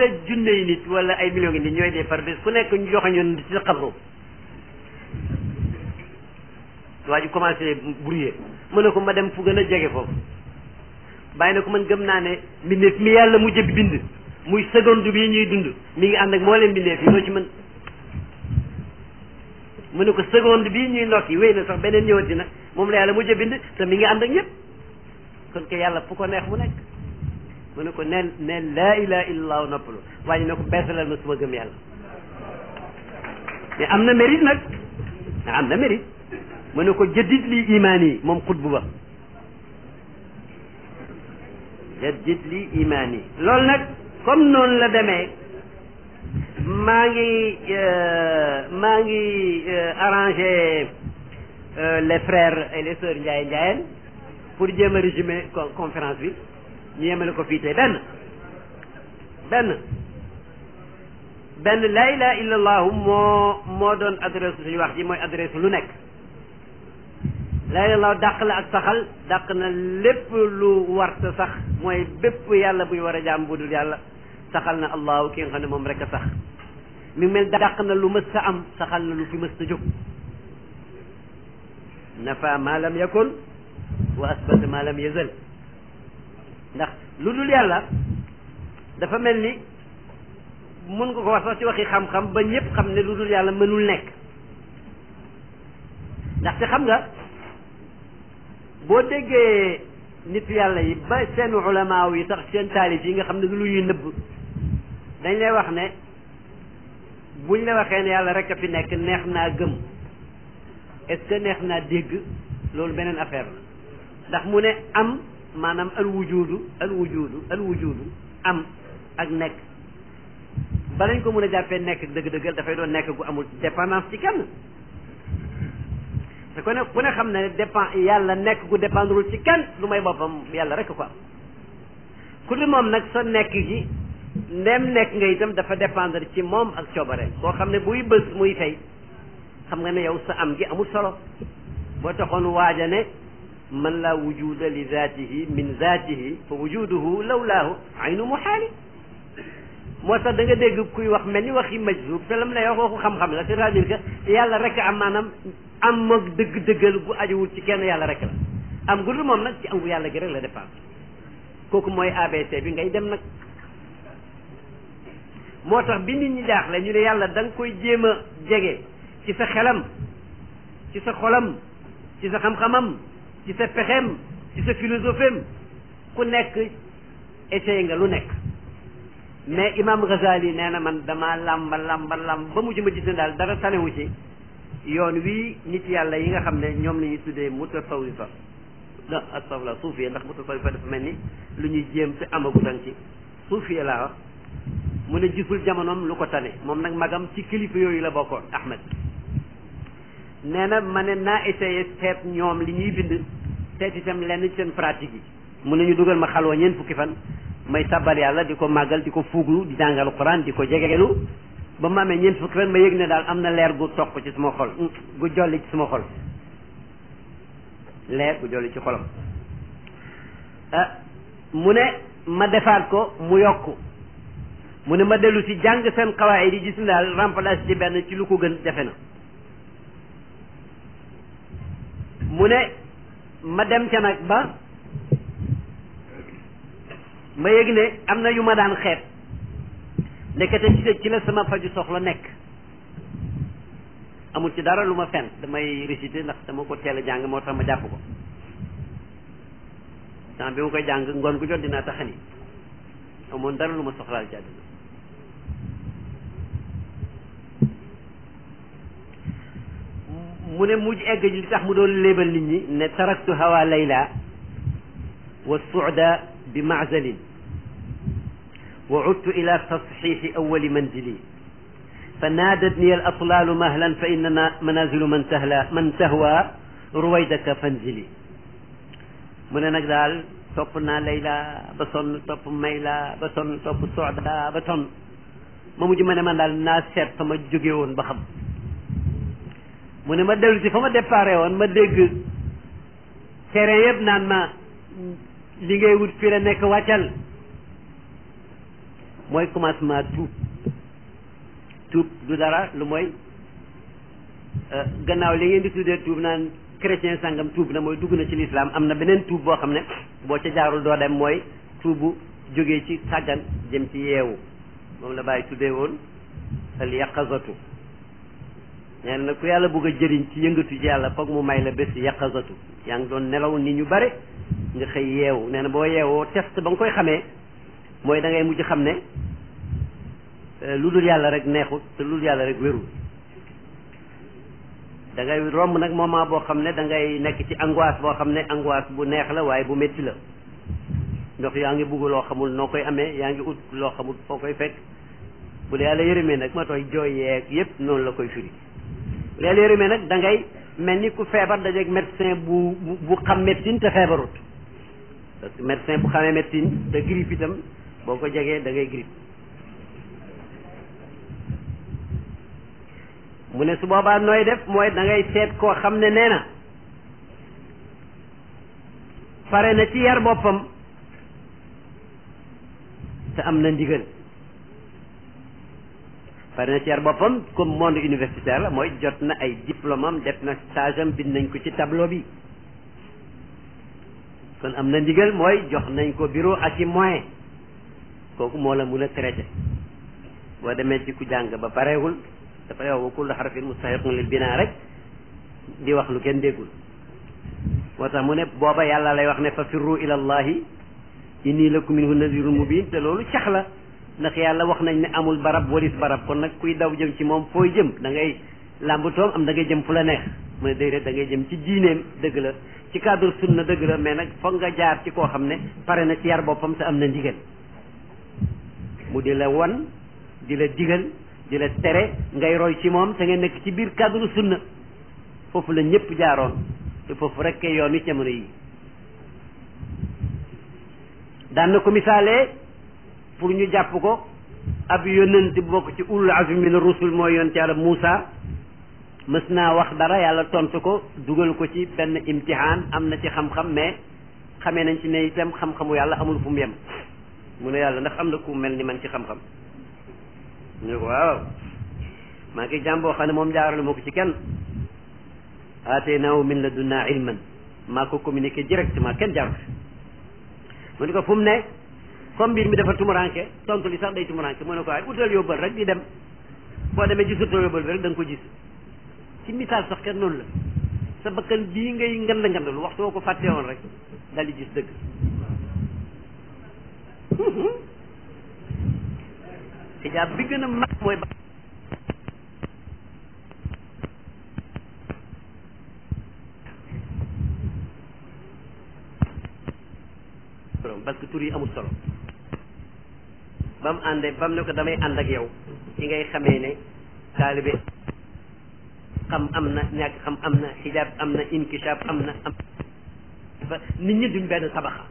ñaata junney nit wala ay millions nit ñooy dee par bés ku nekk ñu joxe ñoon ci sa xabru waa ji commencé brouillé mu ne ko ma dem fu gën a jege foofu bàyyi na ko man gëm naa ne mbindeef mi yàlla mu jëb bind muy seconde bi ñuy dund mi ngi ànd ak moo leen mbindeef yi loo ci mën na ko seconde bii ñuy nokki wéy na sax beneen ñëwati nag moom la yàlla mu jëb bind te mi ngi ànd ak ñëpp kon ke yàlla fu ko neex mu nekk mu ne ko neel neel laa ilaha illallah noppalu wàññi ne ko beesalal ma gëm yàlla mais am na mérite nag ah, am na mérite mu ne ko jëddit li imaan moom xutbu ba jëddit li imaan yi loolu nag comme noonu la demee maa ngi euh, maa ngi euh, arrangé euh, les frères et les sœurs Ndiaye Ndiaye pour jéem a résumer conférence bi ñu yemale ko fii tey benn benn benn laa ilaha illa allahu moo moo doon adresse suñu wax ji mooy adresse lu nekk laa ilaha illallah dàq la ak saxal dàq na lépp lu war sa sax mooy bépp yàlla bu ñu war a jaam bu dul yàlla saxal na allahu ki nga xam ne moom rek a sax mi mel dàq na lu mës sa am saxal na lu fi mës sa jóg nafa ma lam yakun wa asbata ma lam yazal ndax lu dul yàlla dafa mel ni mun nga ko wax sax ci waxi xam-xam ba ñëpp xam ne lu dul yàlla mënul nekk ndaxte xam nga boo déggee nit yàlla yi ba seen ulamaaw yi tax seen taalif yi nga xam ne lu ñuy nëbb dañ lay wax ne bu buñ la waxee ne yàlla rek a fi nekk neex naa gëm est neex naa dégg loolu beneen affaire la ndax mu ne am maanaam al wujudu al wujudu al wujudu am ak nekk balañ ko mën a jàppee nekk dëgg-dëggal dafay doon nekk gu amul dépendance ci kenn te ku ne xam ne dépend yàlla nekk gu dépendrewul ci kan lu may boppam yàlla rekk ko am ku li moom nag sa nekk gi ndem nekk nga itam dafa dépendre ci moom ak coobare koo xam ne buy bës muy fay xam nga ne yow sa am gi amul solo boo taxoon waaja ne man laa wujuda li zaatihi min zaatihi fa wujuduhu lawlaahu aynu muhaali moo tax da nga dégg kuy wax mel ni waxi majzub te lam lay wax waxu xam-xam la c'est-à-dire que yàlla rek am maanaam am ak dëgg-dëggal gu ajuwul ci kenn yàlla rek la am gu dul moom nag ci am gu yàlla gi rek la dépend kooku mooy ABC bi ngay dem nag moo tax bi nit ñi jaaxle ñu ne yàlla da nga koy jéem a jege ci sa xelam ci sa xolam ci sa xam-xamam ci sa pexem ci sa philosophiem ku nekk essayé nga lu nekk mais imam Ghazali nee na man dama làmba làmba làmb ba mujj ma gis daal dara tanewu ci yoon wii nit yàlla yi nga xam ne ñoom la ñuy tuddee mutasawifa da astafla suufiya ndax mutasawifa dafa mel ni lu ñuy jéem te amagu tan ci suufiya laa wax mu ne gisul jamonoom lu ko tane moom nag magam ci kilifa yooyu la bokkoon Ahmed nee na ma ne naa essayé seet ñoom li ñuy bind seet itam lenn seen pratique yi mu ne ñu dugal ma xalwa ñeent fukki fan may sabbal yàlla di ko màggal di ko fuuglu di jàngal quran di ko jegelu ba ma amee ñeent fukki fan ma yëg ne daal am na leer gu toq ci sama xol gu jolli ci sama xol leer gu jolli ci xolam ah, mu ne ma defaat ko mu yokk mu ne ma dellu si jàng seen xawaay yi di gis ne daal remplace ci benn ci lu ko gën jafe na mu ne ma dem ca nag ba ma yëg ne am na yu ma daan xeet ndekete ci la sama faju soxla nekk amul ci dara lu ma fen damay réciter ndax dama ko teel a jàng moo tax ma jàpp ko temps bi ma koy jàng ngoon gu jot dinaa taxani amoon dara lu ma soxlaal ci àdduna mu ne muj egg ji li tax mu doon lébal nit ñi ne taraktu hawa layla wa suuda bi maazalin wa udtu ila tasxiixi awali manzili فنادتني الأطلال مهلا فإننا منازل من تهلا من تهوى رويدك فانزلي من نقدال توبنا ليلى بصن توب ميلى بصن توب سعدا بصن ما مجمع من الناس شرط ما جوجيون بخم mu ne ma dellusi si fa ma déparé woon ma dégg tere yëpp naan ma li ngay wut fii la nekk wàccal mooy commencement tuub tuub du dara lu mooy euh, gannaaw li ngeen di tuddee tuub naan chrétien sangam tuub na mooy dugg na ci lislaam am na beneen tuub boo xam ne boo ca jaarul doo dem mooy bu jógee ci sàggan jëm ci yeewu moom la bàyyi tuddee woon al yaqazatu nee nag ku yàlla bugg a jëriñ ci yëngatu ci yàlla foog mu may la bés yàqazatu yaa ngi doon nelaw ni ñu bare nga xëy yeewu nee na boo yeewoo test ba nga koy xamee mooy dangay mujj xam ne euh, lu dul yàlla rek neexut te lu dul yàlla rek wérul dangay romb nag moment boo xam ne da ngay nekk ci angoisse boo xam ne angoisse bu neex la waaye bu métti la ndox yaa ngi bugg loo xamul noo koy amee yaa ngi ut loo xamul foo koy fekk bu la yàlla yërëmee nag ma tooy jooy noonu la koy firi léeg-léeg rhume nag dangay ngay mel ni ku feebar dajeeg médecin bu bu xam médecine te feebarut parce que bu xamee médecine te grippe itam boo ko jegee da ngay grippe mu ne su boobaa nooy def mooy dangay ngay seet koo xam ne nee na pare na ci yar boppam te am na ndigal pare na ci yar boppam comme monde universitaire mooy jot na ay diplôme am def na stage am nañ ko ci tableau bi kon am na ndigal mooy jox nañ ko bureau ak i moyen kooku moo la mun a traité boo demee ci ku jàng ba parewul dafa yow wa kullu harfin rek di wax lu kenn déggul moo tax mu booba yàlla lay wax ne fa firru ilallahi inni lakum minhu nazirun mubin te loolu cax la ndax yàlla wax nañ ne amul barab waris barab kon nag kuy daw jëm ci moom fooy jëm da ngay làmb toom am da ngay jëm fu la neex mu déedéet da ngay jëm ci diineem dëgg la ci cadre na dëgg la mais nag foog nga jaar ci koo xam ne pare na ci yar boppam te am na ndigal mu di la wan di la digal di la tere ngay roy ci moom te nga nekk ci biir cadre na foofu la ñëpp jaaroon te foofu rek yoon wi jamono yi daan misaalee pour ñu jàpp ko ab yonent bok ci ul azmi min rusul mooy yonent yàlla musa mës wax dara yàlla tontu ko duggal ko ci ben imtihan amna ci xam-xam mais xamé nañ ci ne itam xam-xamu yàlla amul fu mbem yem mu ne yàlla ndax amna ku melni man ci xam-xam ñu ko waaw ma ngi jambo xane mom ne moom jaarale ma ci kenn aateenaahu min laduna ilman mako communiquer directement ken jaar mu ko fum ne comme mbir mi dafa tumuranke tontu li sax day tumuranke mu ne ko waaye utal yóbbal rek di dem boo demee gisutoo yóbbal bi rek da nga ko gis ci misaal sax kenn noonu la sa bakkan bii ngay ngand ngandal waxtu woo ko fàtte woon rek dal di gis dëgg xijaab bi gën a mag mooy ba parce que yi amul solo ba mu àndee ba mu ne ko damay ànd ak yow ci ngay xamee ne taalibe xam am na ñàkk xam am na xijaab am na inkishaab am na am ba nit ñi duñ benn tabaxa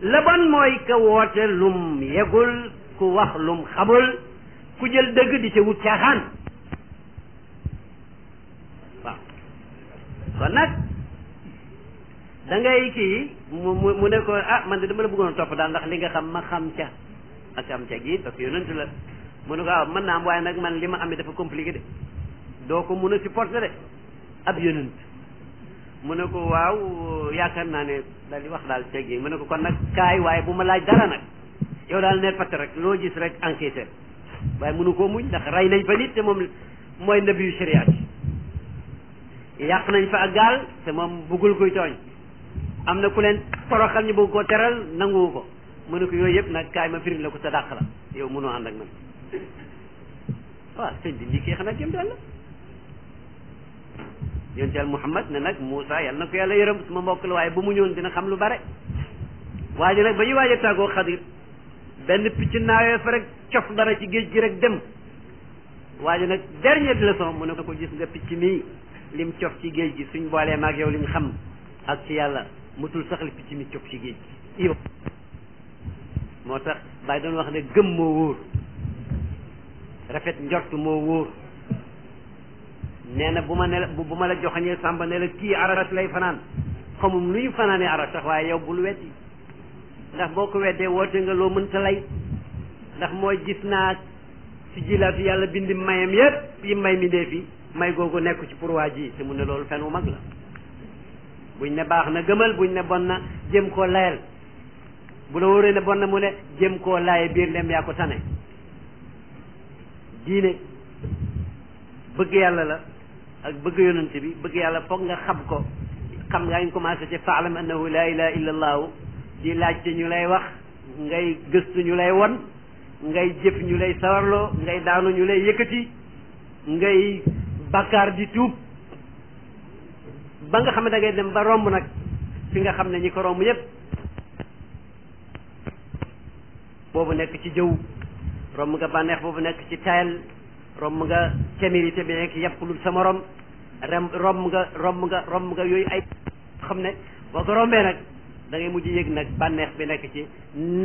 la bon mooy ka woote lum yegul ku wax lum xamul ku jël dëgg di ca wut caaxaan waaw kon nag da ngay kii mu mu ne ko ah man de dama la bëggoon topp daal ndax li nga xam ma xam ca ak am ca gi parce que yonent la mu ne ko ah mën naa am waaye nag man li ma am ne dafa compliqué de doo ko mun a supporter de ab yonent mu ne ko waaw yaakaar naa ne daal di wax daal teg yi mu ne ko kon nag kaay waaye bu ma laaj dara nag yow daal ne fatt rek loo gis rek enquêteur waaye mënu koo muñ ndax rey nañ fa nit te moom mooy nabiyu shariat yàq nañ fa te moom bëggul kuy tooñ am na ku leen toroxal ñu bëgg koo teral nanguwu ko mu ne ko yooyu yëpp nag kaay ma firil la ko te dàq la yow mënoo ànd ak man waaw sëñ bi lii kay xanaa jëm daal la yonent yàlla Muhammad ne nag Moussa yàlla na ko yàlla yërëm suma mbokk la waaye bu mu ñëwoon dina xam lu bare waaye nag ba ñu waaj a tàggoo Xadir benn picc naawee fa rek cof dara ci géej gi rek dem waaj nag dernière leçon mu ne ko gis nga picc mii lim cof ci géej gi suñ boolee maag yow liñ xam ak ci yàlla mutul sax li mi cop ci géej gi moo tax bàyyi doon wax ne gëm moo wóor rafet njort moo wóor nee na bu ma ne bu ma la joxoñee sàmba ne la kii arat lay fanaan xamum lu ñu fanaanee arat sax waaye yow bul weddi ndax boo ko weddee woote nga loo mënta lay ndax mooy gis naa si jilaatu yàlla bindi mayam yépp yi may mi dee fi may googu nekk ci pour waa ji te mu ne loolu fen mag la buñ ne baax na gëmal buñ ne bon na jëm koo layal bu la wóoree ne bon na mu ne jëm koo laaye biir ndem yaa ko tane diine bëgg yàlla la ak bëgg yonent bi bëgg yàlla foog nga xam ko xam nga ñu commencé ci faalam annahu laa ilaha illa allahu di laajte ñu lay wax ngay gëstu ñu lay won ngay jëf ñu lay sawarloo ngay daanu ñu lay yëkkati ngay bàkkaar di tuub ba nga xam ne da ngay dem ba romb nag fi nga xam ne ñi ko romb yépp boobu nekk ci jëw romb nga bànneex boobu nekk ci tayal romb nga témérité bi nekk yàpp lu sa morom rem romb nga romb nga romb nga yooyu ay xam ne boo ko rombee nag da mujj yéeg nag bànneex bi nekk ci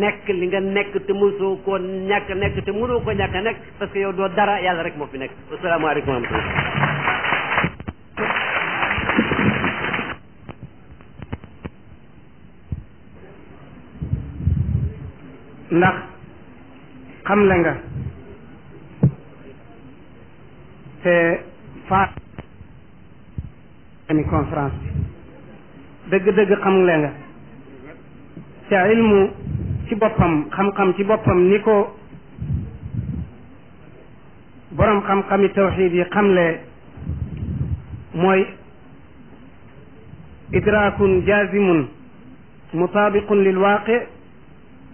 nekk li nga nekk te mësoo koo ñàkk nekk te mënoo ko ñàkk nekk parce yow doo dara yàlla rek moo fi nekk asalaamaaleykum wa rahmatullah ndax xamle nga te faat ani dëgg-dëgg xamle nga te ilmu ci boppam xam-xam ci boppam ni ko boroom xam-xami tawxiid yi xamle mooy idraakun jaazimun mutaabiqun lil waaqi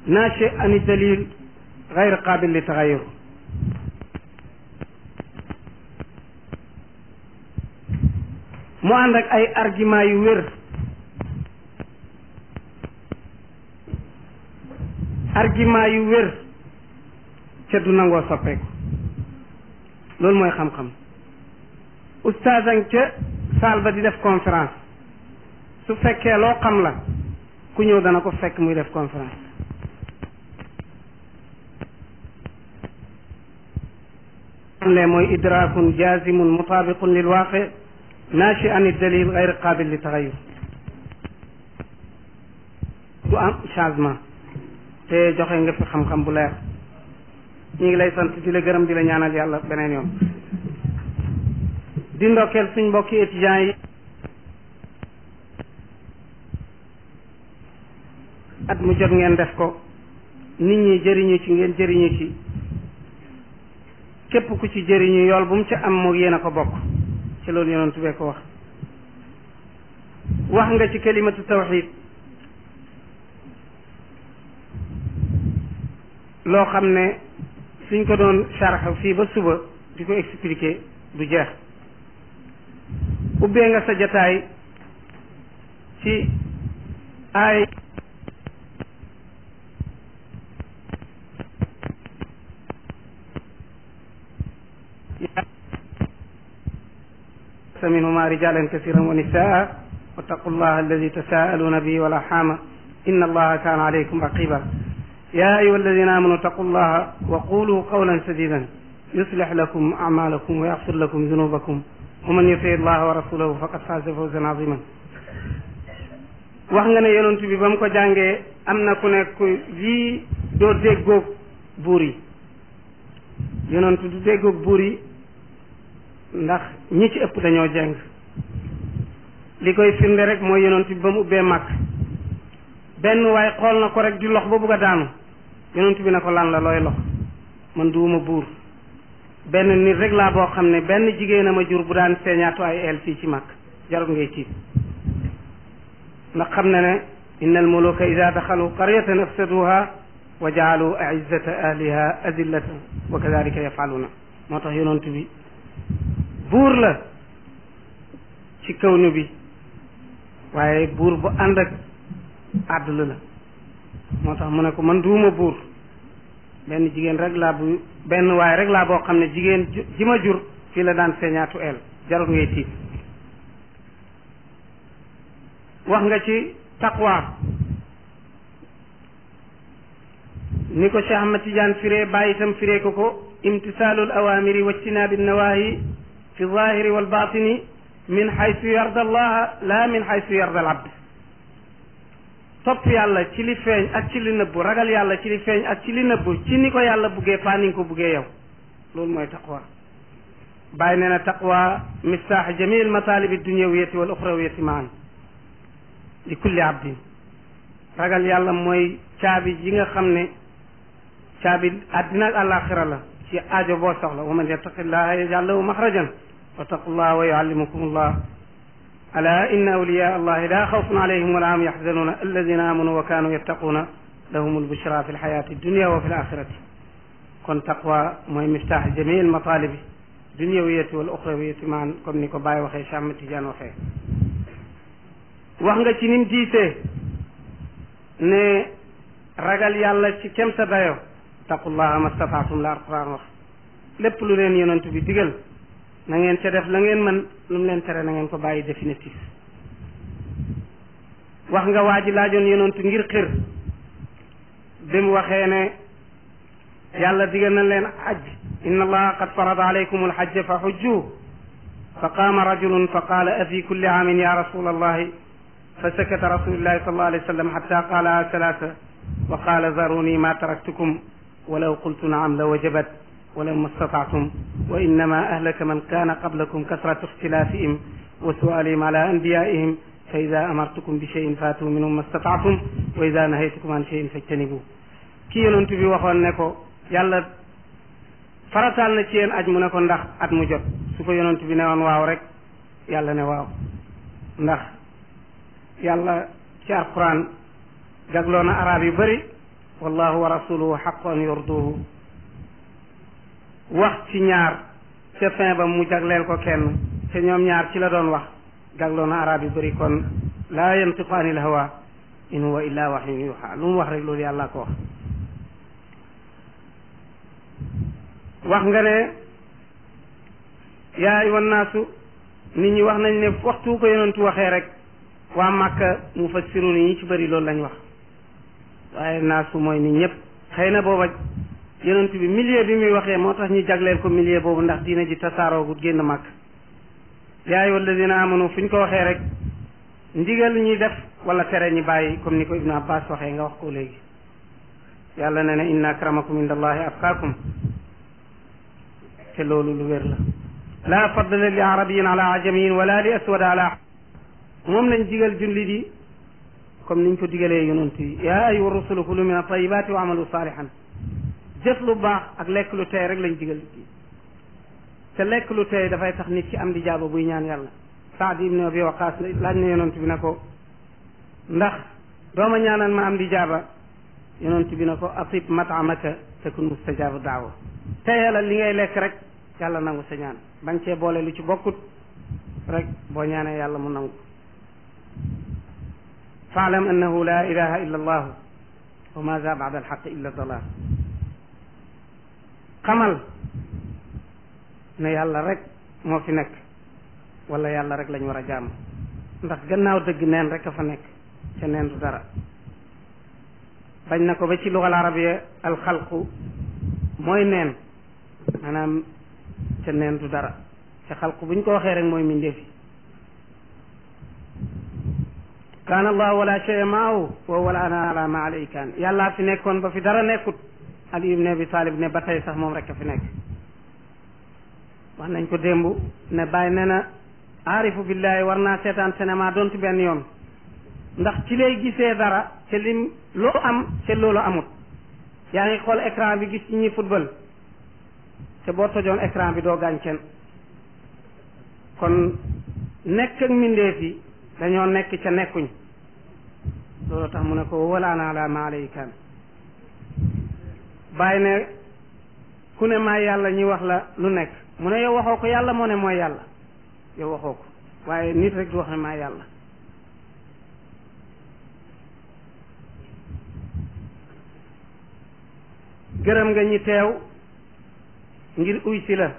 naache ani dalil gayre qabil li taxayur mu ànd ak ay argument yu wér argument yu wér ca du nangoo soppeeku loolu mooy xam-xam oustaz ca saal ba di def conférence su fekkee loo xam la ku ñëw dana ko fekk muy def conférence ne mooy idraakun jaazimun mutaabiqun lil waaqi naashi an dalil gayr qaabil li taxayur du am changement te joxe nga fi xam-xam bu leer ñu ngi lay sant di la gërëm di la ñaanal yàlla beneen yoon di ndokkeel suñ mbokki étudiants yi at mu jot ngeen def ko nit ñi jëriñu ci ngeen jëriñu ci képp ku ci jëriñu yool bu mu ci am moog yéen a ko bokk ci loolu yonentu bee ko wax wax nga ci kalimatu tawxid loo xam ne suñ ko doon sharx fii ba suba di ko expliquer du jeex ubbee nga sa jataay ci ay منهما رجالا كثيرا ونساء واتقوا الله الذي تساءلون به والأرحام إن الله كان عليكم رقيبا يا أيها الذين آمنوا اتقوا الله وقولوا قولا سديدا يصلح لكم أعمالكم ويغفر لكم ذنوبكم ومن يطع الله ورسوله فقد فاز فوزا عظيما wax nga ne yonent bi أمنا mu ko jàngee am na ku nekk lii yonent du ndax ñi ci ëpp dañoo jeng li koy firnde rek mooy yonent bi ba mu ubbee màkk benn waaye xool na ko rek di lox ba bugg daanu yonent bi na ko lan la looy lox man duuma buur benn nit rek laa boo xam ne benn jigéen a ma jur bu daan seeñaatu ay el fii ci mag jarul ngay tiit ndax xam na ne inna al muluka ida daxalu qaryatan afsaduha wa jaalu ahliha azillatan wa kadalika yafaluna moo tax yonent bi buur la ci kaw nu bi waaye buur bu ànd ak àdduna la moo tax mu ne ko man duuma buur benn jigéen rek laa bu benn waaye rek laa boo xam ne jigéen ji ma jur fii la daan señaatu el jarul ngay tiit wax nga ci taqwa ni ko Cheikh Ahmad Tidiane firee bàyyi itam firee ko ko imtisaalul awaamiri wa ijtinaabi nawaahi fi zahiri wal batini min xaytu yarda allaha la min xaytu yarda al abd topp yàlla ci li feeñ ak ci li nëbbu ragal yàlla ci li feeñ ak ci li nëbbu ci ni ko yàlla buggee paa ni nga ko buggee yow loolu mooy taqwa bàyyi nee na taqwa miftaax jamil masaalibi dunyawiyati wal uxrawiyati maan li kulli abdin ragal yàlla mooy caabi ji nga xam ne caabi àddina ak àllaaxira la ci aajo boo soxla wa man yattaqillaha yaj'al lahu maxrajan واتقوا الله ويعلمكم الله ألا إن أولياء الله لا خوف عليهم ولا هم يحزنون الذين آمنوا وكانوا يتقون لهم البشرى في الحياة الدنيا وفي الآخرة kon taqwa mooy miftaax jamii al mataalibi dunyawiyati wal uxrawiyati maan comme ni ko Baye waxee Cheikh Ahmed Tidiane waxee wax nga ci nim diisee ne ragal yàlla ci kem sa dayo taqullaha mastafaatum la alquran wax lépp lu leen yonent bi digal na ngeen ca def la ngeen mën lu mu leen tere na ngeen ko bàyyi définitif wax nga waa ji laajoon yonantu ngir xir bi mu waxee ne yàlla digal na leen aj inna allaha qad farada alaykum alhajja fa xujju fa qaama rajulun fa qaala afi kulli aamin ya rasul allahi fa sakata rasulillahi sal allah alih wa sallam xatta qaala salaasa wa qaala zaruni ma taraktukum walaw qultu naam la wajabat ولما استطعتم وإنما أهلك من كان قبلكم كثرة اختلافهم وسؤالهم على أنبيائهم فإذا أمرتكم بشيء فاتوا منهم ما استطعتم وإذا نهيتكم عن شيء فاجتنبوه كي ينتبه وخوان نكو يالا فرسال نتين أجمو نكو ندخ أدمو جد سوف ينتبه نوان واو رك يلا نواو ندخ يالا في القرآن جغلونا عربي بري والله ورسوله حق أن يرضوه wax ci ñaar ca fin ba mu jagleel ko kenn te ñoom ñaar ci la doon wax jagloo na arab yu bëri kon laa yantiqu anil hawa in huwa illa wahyun yuha lu mu wax rek loolu yàlla ko wax wax nga ne yaay wan naasu nit ñi wax nañ ne waxtu ko yonentu waxee rek waa màkka mufassirun yi ci bari loolu lañ wax waaye naasu mooy nit ñëpp xëy na booba yonent bi milieu bi muy waxee moo tax ñu jagleel ko milieu boobu ndax diine ji tasaaroogut génn màkk yaay wala dina amanu fu ñu ko waxee rek ndigal ñi def wala tere ñi bàyyi comme ni ko ibnu abbas waxee nga wax ko léegi yàlla ne na inna akramakum indallahi atqakum te loolu lu wér la la fadla li arabiyin ala ajamiyin wala li aswada ala moom lañ digal julli di comme niñ ko digalee yonent yi yaa ayuha rusulu kulu min atayibaati wa amalu salihan jëf ak lekk lu tey rek lañ digal ci te dafay tax nit ki am di jaaba buy ñaan yàlla Saad ibn Abi Waqaas laaj na yonent bi na ko ndax dooma ñaanal ma am di jaaba yonent bi na ko atib matamaka takun mustajaaba daawa teyalal li ngay lekk rek yàlla nangu sa ñaan bañ cee boole lu ci bokkut rek boo ñaanee yàlla mu nangu faalam annahu la ilaha illa allahu wa ma za bada alxaq illa dalal xamal ne yàlla rek moo fi nekk wala yàlla rek lañu war a jàmm ndax gannaaw dëgg neen rek a fa nekk ca neen du dara bañ na ko ba ci lugal arabiya alxalqu mooy neen maanaam ca neen du dara ca xalqu buñ ko waxee rek mooy mindeef yi kaan allahu wala chey maahu wa wala ana ala ma alay yàllaa fi nekkoon ba fi dara nekkut Ali ibn Abi Talib ne ba tey sax moom rek a fi nekk wax nañ ko démb ne bàyyi ne na aarifu billaahi war naa seetaan cinéma donte benn yoon ndax ci lay gisee dara te lim loolu am te loolu amut yaa ngi xool écran bi gis ci ñi football te boo tojoon écran bi doo gaañ kenn kon nekk ak mbindeef yi dañoo nekk ca nekkuñ loolu tax mu ne ko walaana ala ma alaykan bàyyi ne ku ne maay yàlla ñuy wax la lu nekk mu ne yow waxoo ko yàlla moo ne mooy yàlla yow waxoo ko waaye nit rek du wax ne maay yàlla gërëm nga ñi teew ngir uy si la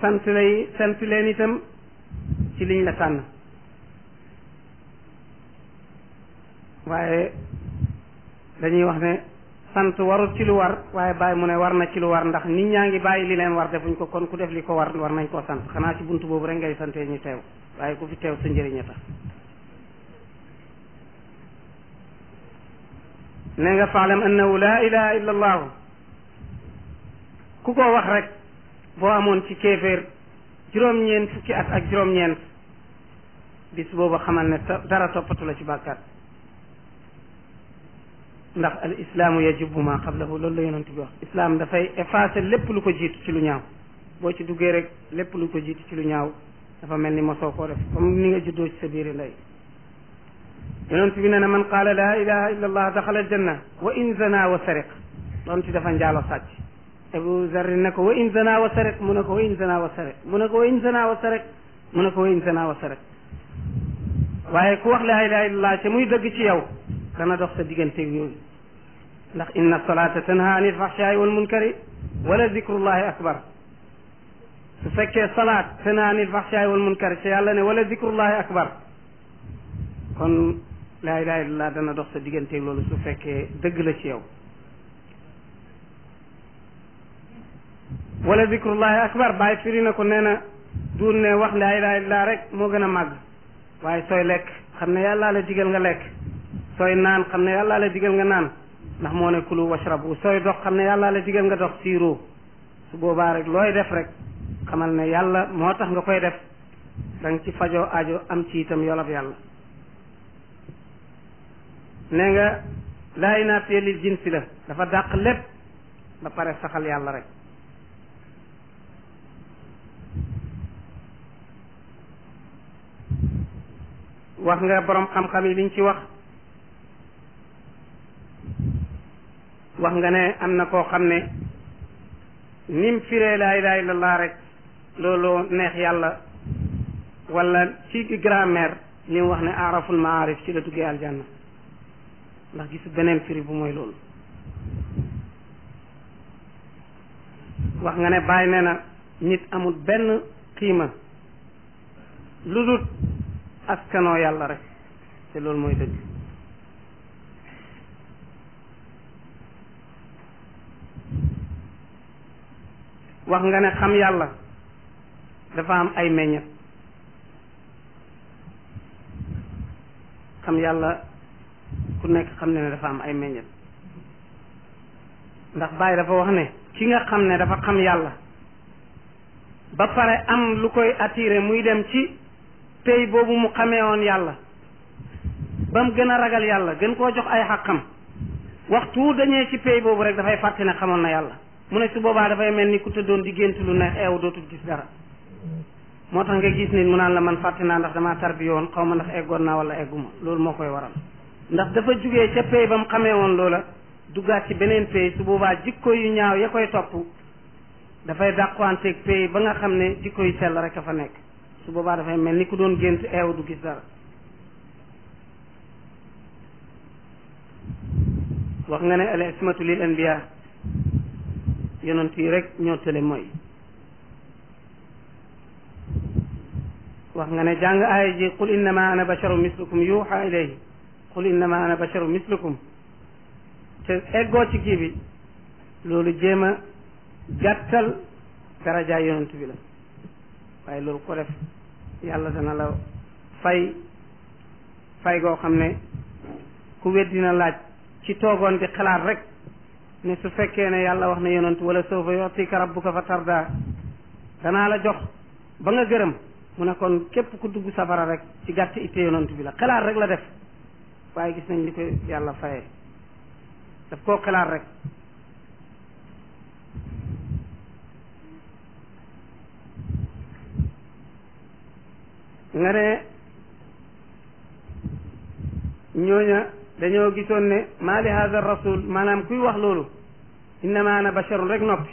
sant lay sant leen itam ci liñ la sànn waaye dañuy wax ne sant warut ci lu war waaye bàyyi mu ne war na ci lu war ndax nit ñaa ngi bàyyi li leen war defuñ ko kon ku def li ko war war nañ koo sant xanaa ci bunt boobu rek ngay santee ñu teew waaye ku fi teew sa njëriñ a tax ne nga faalam annahu laa ilaha illa allahu ku ko wax rek boo amoon ci kéeféer juróom-ñeent fukki at ak juróom-ñeent bis boobu xamal ne dara toppatu la ci bàkkaat ndax al islaamu yajibu ma qablahu loolu la yonent bi wax islaam dafay effacer lépp lu ko jiitu ci lu ñaaw boo ci duggee rek lépp lu ko jiitu ci lu ñaaw dafa mel ni mosoo koo def ni nga juddoo ci sa biiri ndey bi ne na man qaala la ilaha illa allah daxala aljanna wa in zana wa sariq doon ci dafa njaalo sàcc abu zarri ne ko wa mu ne ko wa in zana wa sariq mu ne ko wa in zana wa sariq mu ne ko wa in zana wa sariq waaye ku wax laa ilaha illa allah muy dëgg ci yow dana dox sa digganteeg ñoom ndax inna salata tanha anil fahshaai wal munkari wala zikrullahi akbar su fekkee salaat tanha anil fahshaai wal munkari te yàlla ne wala zikrullahi akbar kon laa ilaha illallah dana dox sa digganteeg loolu su fekkee dëgg la ci yow wala zikrullahi akbar bàyyi firi na ko nee na duun ne wax laa ilaha illallah rek moo gën a màgg waaye sooy lekk xam ne yàllaa la digal nga lekk sooy naan xam ne yàllaa la digal nga naan ndax moo ne kulu washrabu sooy dox xam ne yàllaa la digal nga dox siiru su boobaa rek looy def rek xamal ne yàlla moo tax nga koy def da ci fajoo ajo am ci itam yolof yàlla nee nga laa inaatee lil jinsi la dafa dàq lépp ba pare saxal yàlla rek wax nga borom xam-xam yi liñ ci wax wax nga ne am na koo xam ne nim firee laa ilaha illallah rek loolu neex yàlla wala ci grammaire li wax ne araful maarif ci la duggee aljanna ndax gisu beneen firi bu mooy loolu wax nga ne bàyyi ne na nit amul benn xiima lu dul askanoo yàlla rek te loolu mooy dëgg wax nga ne xam yàlla dafa am ay meññet xam yàlla ku nekk xam ne dafa am ay meññet ndax Baye dafa wax ne ki nga xam ne dafa xam yàlla ba pare am lu koy attire muy dem ci pay boobu mu xamee woon yàlla ba mu gën a ragal yàlla gën koo jox ay wax waxtu dañee ci pay boobu rek dafay fàtte ne xamoon na yàlla mu ne su boobaa dafay mel ni ku tëddoon di gént lu ne eew dootul gis dara moo tax nga gis nit mu naan la man fàtte naa ndax damaa tarbiyoon xaw ma ndax eggoon naa wala egguma loolu moo koy waral ndax dafa jugee ca pay ba mu xamee woon loola duggaat ci beneen pay su boobaa jikko yu ñaaw ya koy topp dafay dàqwanteeg pay ba nga xam ne jikko yu sell rek a fa nekk su boobaa dafay mel ni ku doon gént eew du gis dara wax nga ne al ismatu lil anbiya yonent yi rek ñoo tële mooy wax nga ne jàng aaya ji qul innama ana basharu mislukum yuuxa ilayhi qul innama ana basharu mislukum te eggoo ci kii loolu jéem a gàttal darajaay yonent bi loolu ko def yàlla dana la fay fay goo xam ne ku weddi na laaj ci toogoon di xalaat rek ne su fekkee ne yàlla wax na yonent wala sawfa yu'tika rabbuka fa tarda danaa la jox ba nga gërëm mu ne kon képp ku dugg safara rek ci gàtt itte yonent bi la xalaat rek la def waaye gis nañ li ko yàlla fay daf koo xalaat rek nga ne ñooña dañoo gisoon ne maa li rasul maanaam kuy wax loolu innama ana basharun rek noppi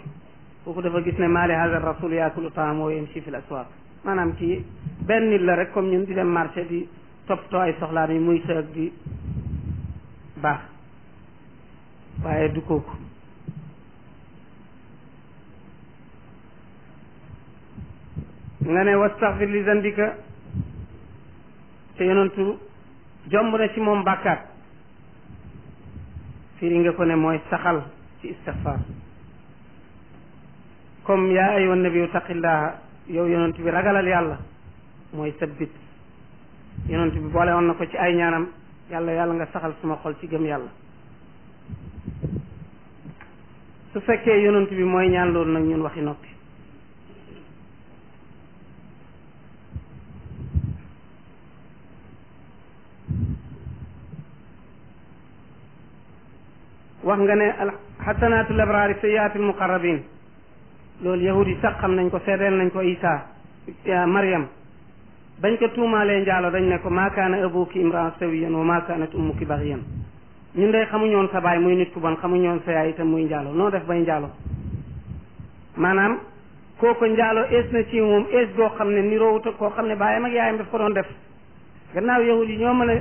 kooku dafa gis ne maa li hada rasul yaakulu taam wa yamshi fil aswaq maanaam kii benn nit la rek comme ñun di dem marché di toppatoo ay soxlaam yi muy sëg di baax waaye du kooku nga ne wastaxfir li zandika te yonentu jomb na ci moom bàkkaat firi nga ko ne mooy saxal ci istixfaar comme yaa ayyuha nabiyu taqillaha yow yonent bi ragalal yàlla mooy sabbit yonent bi boole woon na ko ci ay ñaanam yàlla yàlla nga saxal suma xol ci gëm yàlla su fekkee yonent bi mooy ñaan loolu nag ñun waxi noppi wax nga ne al alxasanaatu labraari sayyaati muqarrabin loolu yahud yi sax xam nañ ko seedeel nañ ko isa mariam bañ ko tuumaalee njaalo dañ ne ko maa kaana abuki imraan sawiyan wa maa kaanat ummuki baxiyan ñun day xamuñoon sa baay muy nit ku bon xamuñoon sa yaay itam muy njaalo noo def bay njaalo maanaam kooko njaalo ees na ci moom ees goo xam ne niroowut koo xam ne baayam ak yaayam daf ko doon def gannaaw yahud yi ñoo mën a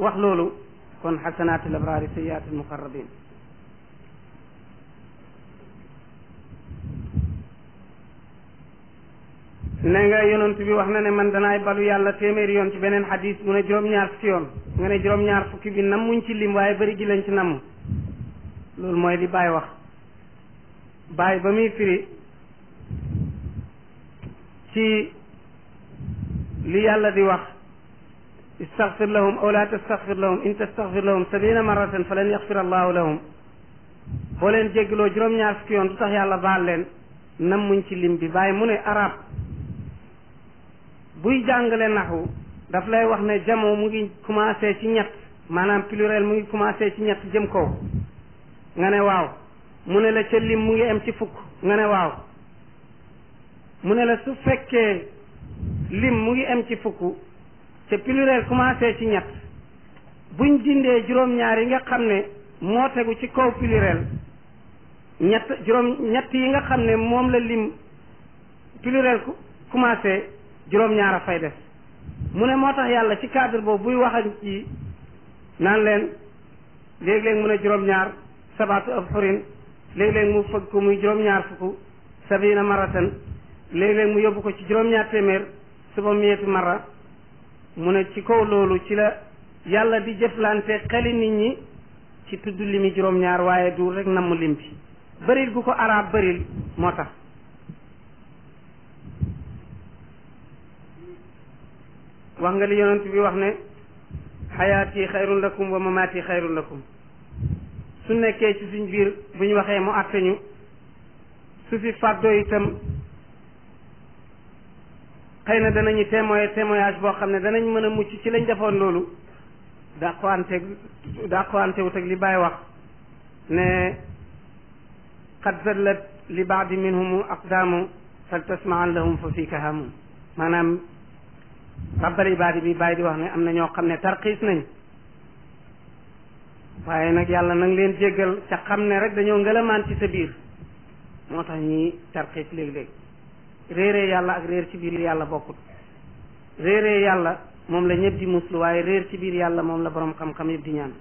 wax loolu kon xasanaat labraari sayiaat almuqarrabin ne nga yonent bi wax na ne man danaay balu yàlla téeméeri yoon ci beneen xadis mu ne juróom-ñaar fukki yoon nga ne juróom-ñaar fukki bi nammuñ ci lim waaye bëri gi lañ ci namm loolu mooy li Baye wax Baye ba muy firi ci li yàlla di wax istaghfir aw la tastaghfir lahum in tastaghfir lahum sabina marratan fa lan yaghfir allahu lahum boo leen jéggaloo juróom-ñaar fukki yoon du tax yàlla baal leen nam muñ ci lim bi bàyyi mu ne arab buy jàngale naxu daf lay wax ne jamoo mu ngi commencé ci ñett maanaam pluriel mu ngi commencé ci ñett jëm kaw nga ne waaw mu ne la ca lim mu ngi am ci fukk nga ne waaw mu ne la su fekkee lim mu ngi am ci fukk te pluriel commencé ci ñett buñ dindee juróom-ñaar yi nga xam ne moo tegu ci kaw pluriel ñett juróom ñett yi nga xam ne moom la lim pluriel commencé juróom-ñaar a fay def mu ne moo tax yàlla ci cadre boobu buy wax ak ci naan leen léeg leen mu ne juróom-ñaar sabaatu ab xurin léeg-léeg mu fëgg ko muy juróom-ñaar fukk sabina maratan léegi leen mu yóbbu ko ci juróom-ñaar téeméer suba miyeti marra mu ne ci kaw loolu ci la yàlla di jëflante xeli nit ñi ci tudd limi juróom-ñaar waaye du rek namm lim bi bëril gu ko arab baril moo tax wax nga li yonent bi wax ne xayaati xayrun lakum wa mamaati xayrun lakum su nekkee ci suñ biir bu ñu waxee mu àtte ñu su fi fàddoo itam xëy na danañu témoin témoignage boo xam ne danañ mën a mucc ci lañ defoon loolu dàqwante dàqwante wut teg li Baye wax ne qad zallat li baadi minhum aqdaamu fal tasmaan lahum fa fiika hamun maanaam rabbal ibaadi bi Baye di wax ne am na ñoo xam ne tarxiis nañ waaye nag yàlla nang leen jéggal ca xam ne rek dañoo ngëlamaan ci sa biir moo tax ñuy tarxiis léeg-léeg réeree yàlla ak réer ci biir yàlla bokkut réeree yàlla moom la ñëpp di muslu waaye réer ci biir yàlla moom la boroom xam-xam yëpp di ñaan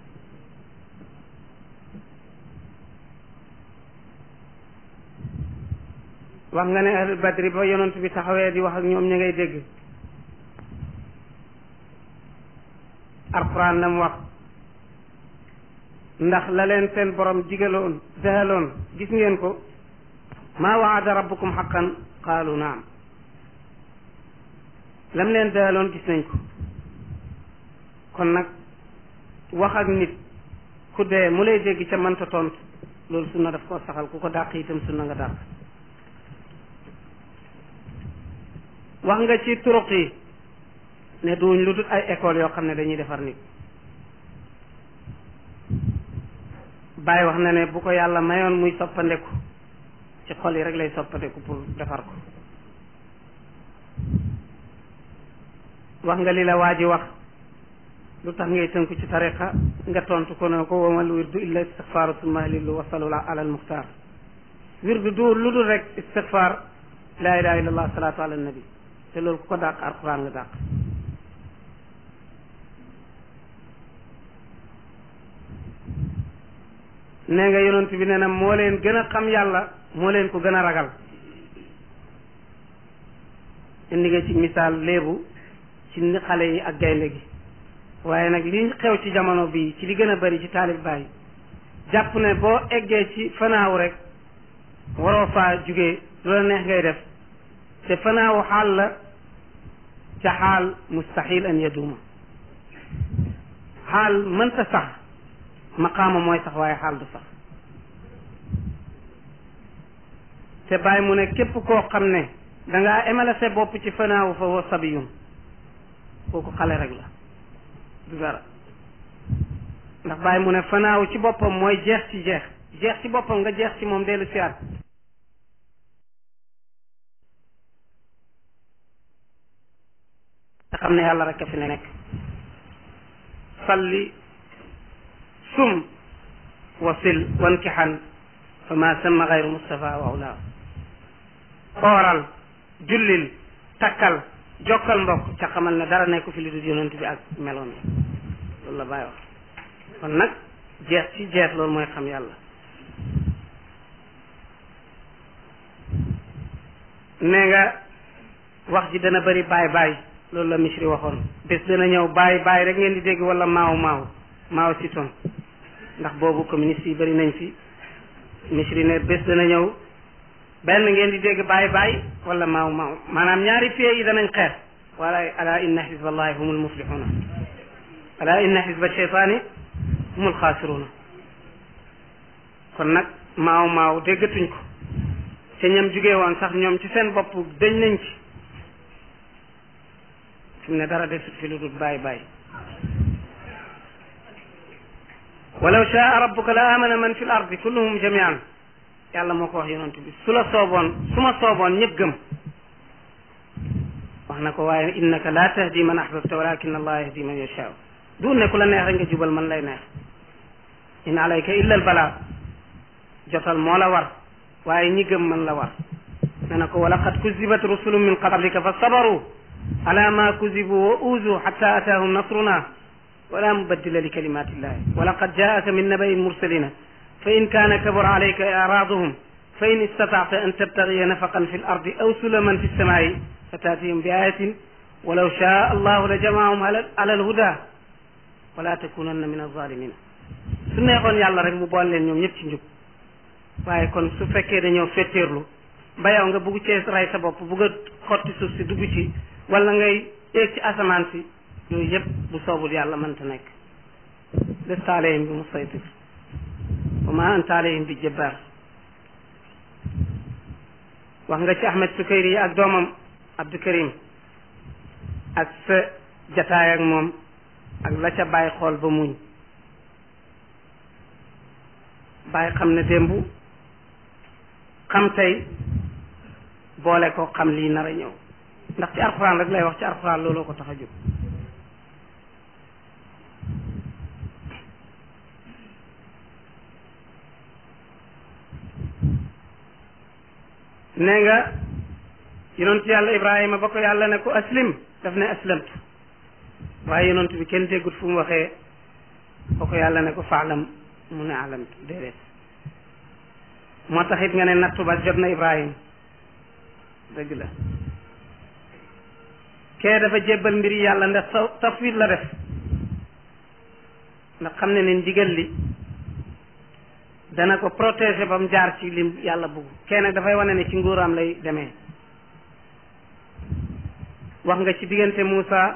wax nga ne al badri ba yonent bi taxawee di wax ak ñoom ña ngay dégg alquran la mu wax ndax la leen seen boroom digaloon dahaloon gis ngeen ko maa waada rabbukum xaqan qaalu naam lam leen doyaloon gis nañ ko kon nag wax ak nit ku dee mu lay dégg ca mënta tontu loolu sunna daf koo saxal ku ko dàq itam sunna nga dàq wax nga ci turuq yi ne duñ lu dul ay école yoo xam ne dañuy defar nit Baye wax na ne bu ko yàlla mayoon muy soppandeku ci xol yi rek lay soppateku pour defar ko wax nga li la waa ji wax lu tax ngay tënku ci tariqa nga tontu ko ne ko wamal wirdu illa istixfaaru summa lillu wasalu ala almuxtaar wirdu du lu dul rek istixfaar laa ilaha illa allah salaatu ala nabi te loolu ku ko dàq alquran nga dàq nee nga yonent bi nee na moo leen gën a xam yàlla moo leen ko gën a ragal indi nga ci misaal léebu ci xale yi ak gaynde gi waaye nag li xew ci jamono bii ci li gën a bari ci taalib baay jàpp ne boo eggee ci fanaaw rek waroo faa jugee lu neex ngay def te fanaawu xaal la ca xaal mustaxil an yaduuma xaal mënta sax maqaama mooy sax waaye xaal du sax te bàyyi mu ne képp koo xam ne dangaa emale sa bopp ci fanaawu fa wa sabiyun kooku xale rek la du dara ndax bàyyi mu ne fanaaw ci boppam mooy jeex ci jeex jeex ci boppam nga jeex ci moom dellu siyaat te xam ne yàlla rek fi ne nekk salli sum wa sil wankihan fa ma sama gayru mustafa wa awlaaw kooral jullil takkal jokkal mbokk ca xamal ne dara nekku fi li du yonent bi ak meloon loolu la bàyyi wax kon nag jeex ci jeex loolu mooy xam yàlla nee nga wax ji dana bari baay baay loolu la misri waxoon bés dana ñëw baay baay rek ngeen di dégg wala maaw maaw maaw si ton ndax boobu communiste yi bari nañ fi misri ne bés dana ñëw ben ngeen di dégg bàyyi bàyyi wala maaw maaw maanaam ñaari pays yi danañ xeex wala ala inna xisballahi humul muflixuna ala inna xisba cheytaani humul xaasiruna kon nag maaw maaw déggatuñ ko te ñam jugee woon sax ñoom ci seen bopp dañ nañ ci fi mu ne dara desut fi lu dul bàyyi bàyyi ولو شاء ربك لآمن من في الأرض كلهم جميعا yàlla moko wax yonent bi sula sobon suma sobon ñëpp gëm wax nako ko innaka la tahdi man ahbabta walakin allah yahdi man yasha du ne ku la neex nga jubal man lay neex in alayka illa al bala jotal mo la war waye ñi gëm man la war ne wala ko kuzibat rusulun min qablika fa sabaru ala ma kuzibu wa uzu hatta atahum nasruna ولا مبدل لكلمات الله ولقد جاءك من nabai المرسلين fa in kaana kabura alayka iraaduhum fa in istataata an tabtagiya nafaqan fi l ardi aw sulaman fi samaai fa taatihim bi ayatin walaw shaa allahu la jamaahum ala al huda wala takunanna min alzalimina su neexoon yàlla rek mu boole leen ñoom ñëpp ci njub waaye kon su fekkee dañoo fetteerlu ba yow nga bugg cee rey sa bopp bugg a xotti suuf si dugg ci wala ngay eeg ci asamaan si yooyu yëpp bu soobul yàlla mënta nekk lestaaleyim bi mu saytir wa ma anta alayhim bi jabbaar wax nga ci Ahmed Sukayri yi ak doomam Abdou Karim ak sa jataay ak moom ak la ca bàyyi xool ba muñ bàyyi xam ne démb xam tey boole ko xam lii nar a ñëw ndax ci alxuraan rek lay wax ci alxuraan looloo ko tax a jóg nee nga yonentu yàlla ibrahima ba ko yàlla ne ko aslim daf ne aslamtu waaye yonent bi kenn déggut fu mu waxee ba yàlla ne ko faalam mu ne alamtu déedéet moo taxit it nga ne nattu jot na ibrahima dëgg la kee dafa jébbal mbir yàlla ndax tafwid la def ndax xam ne ne ndigal li dana ko protéger ba mu jaar ci lim yàlla bugg kenn nag dafay wane ne ci nguuraam lay demee wax nga ci diggante Muusa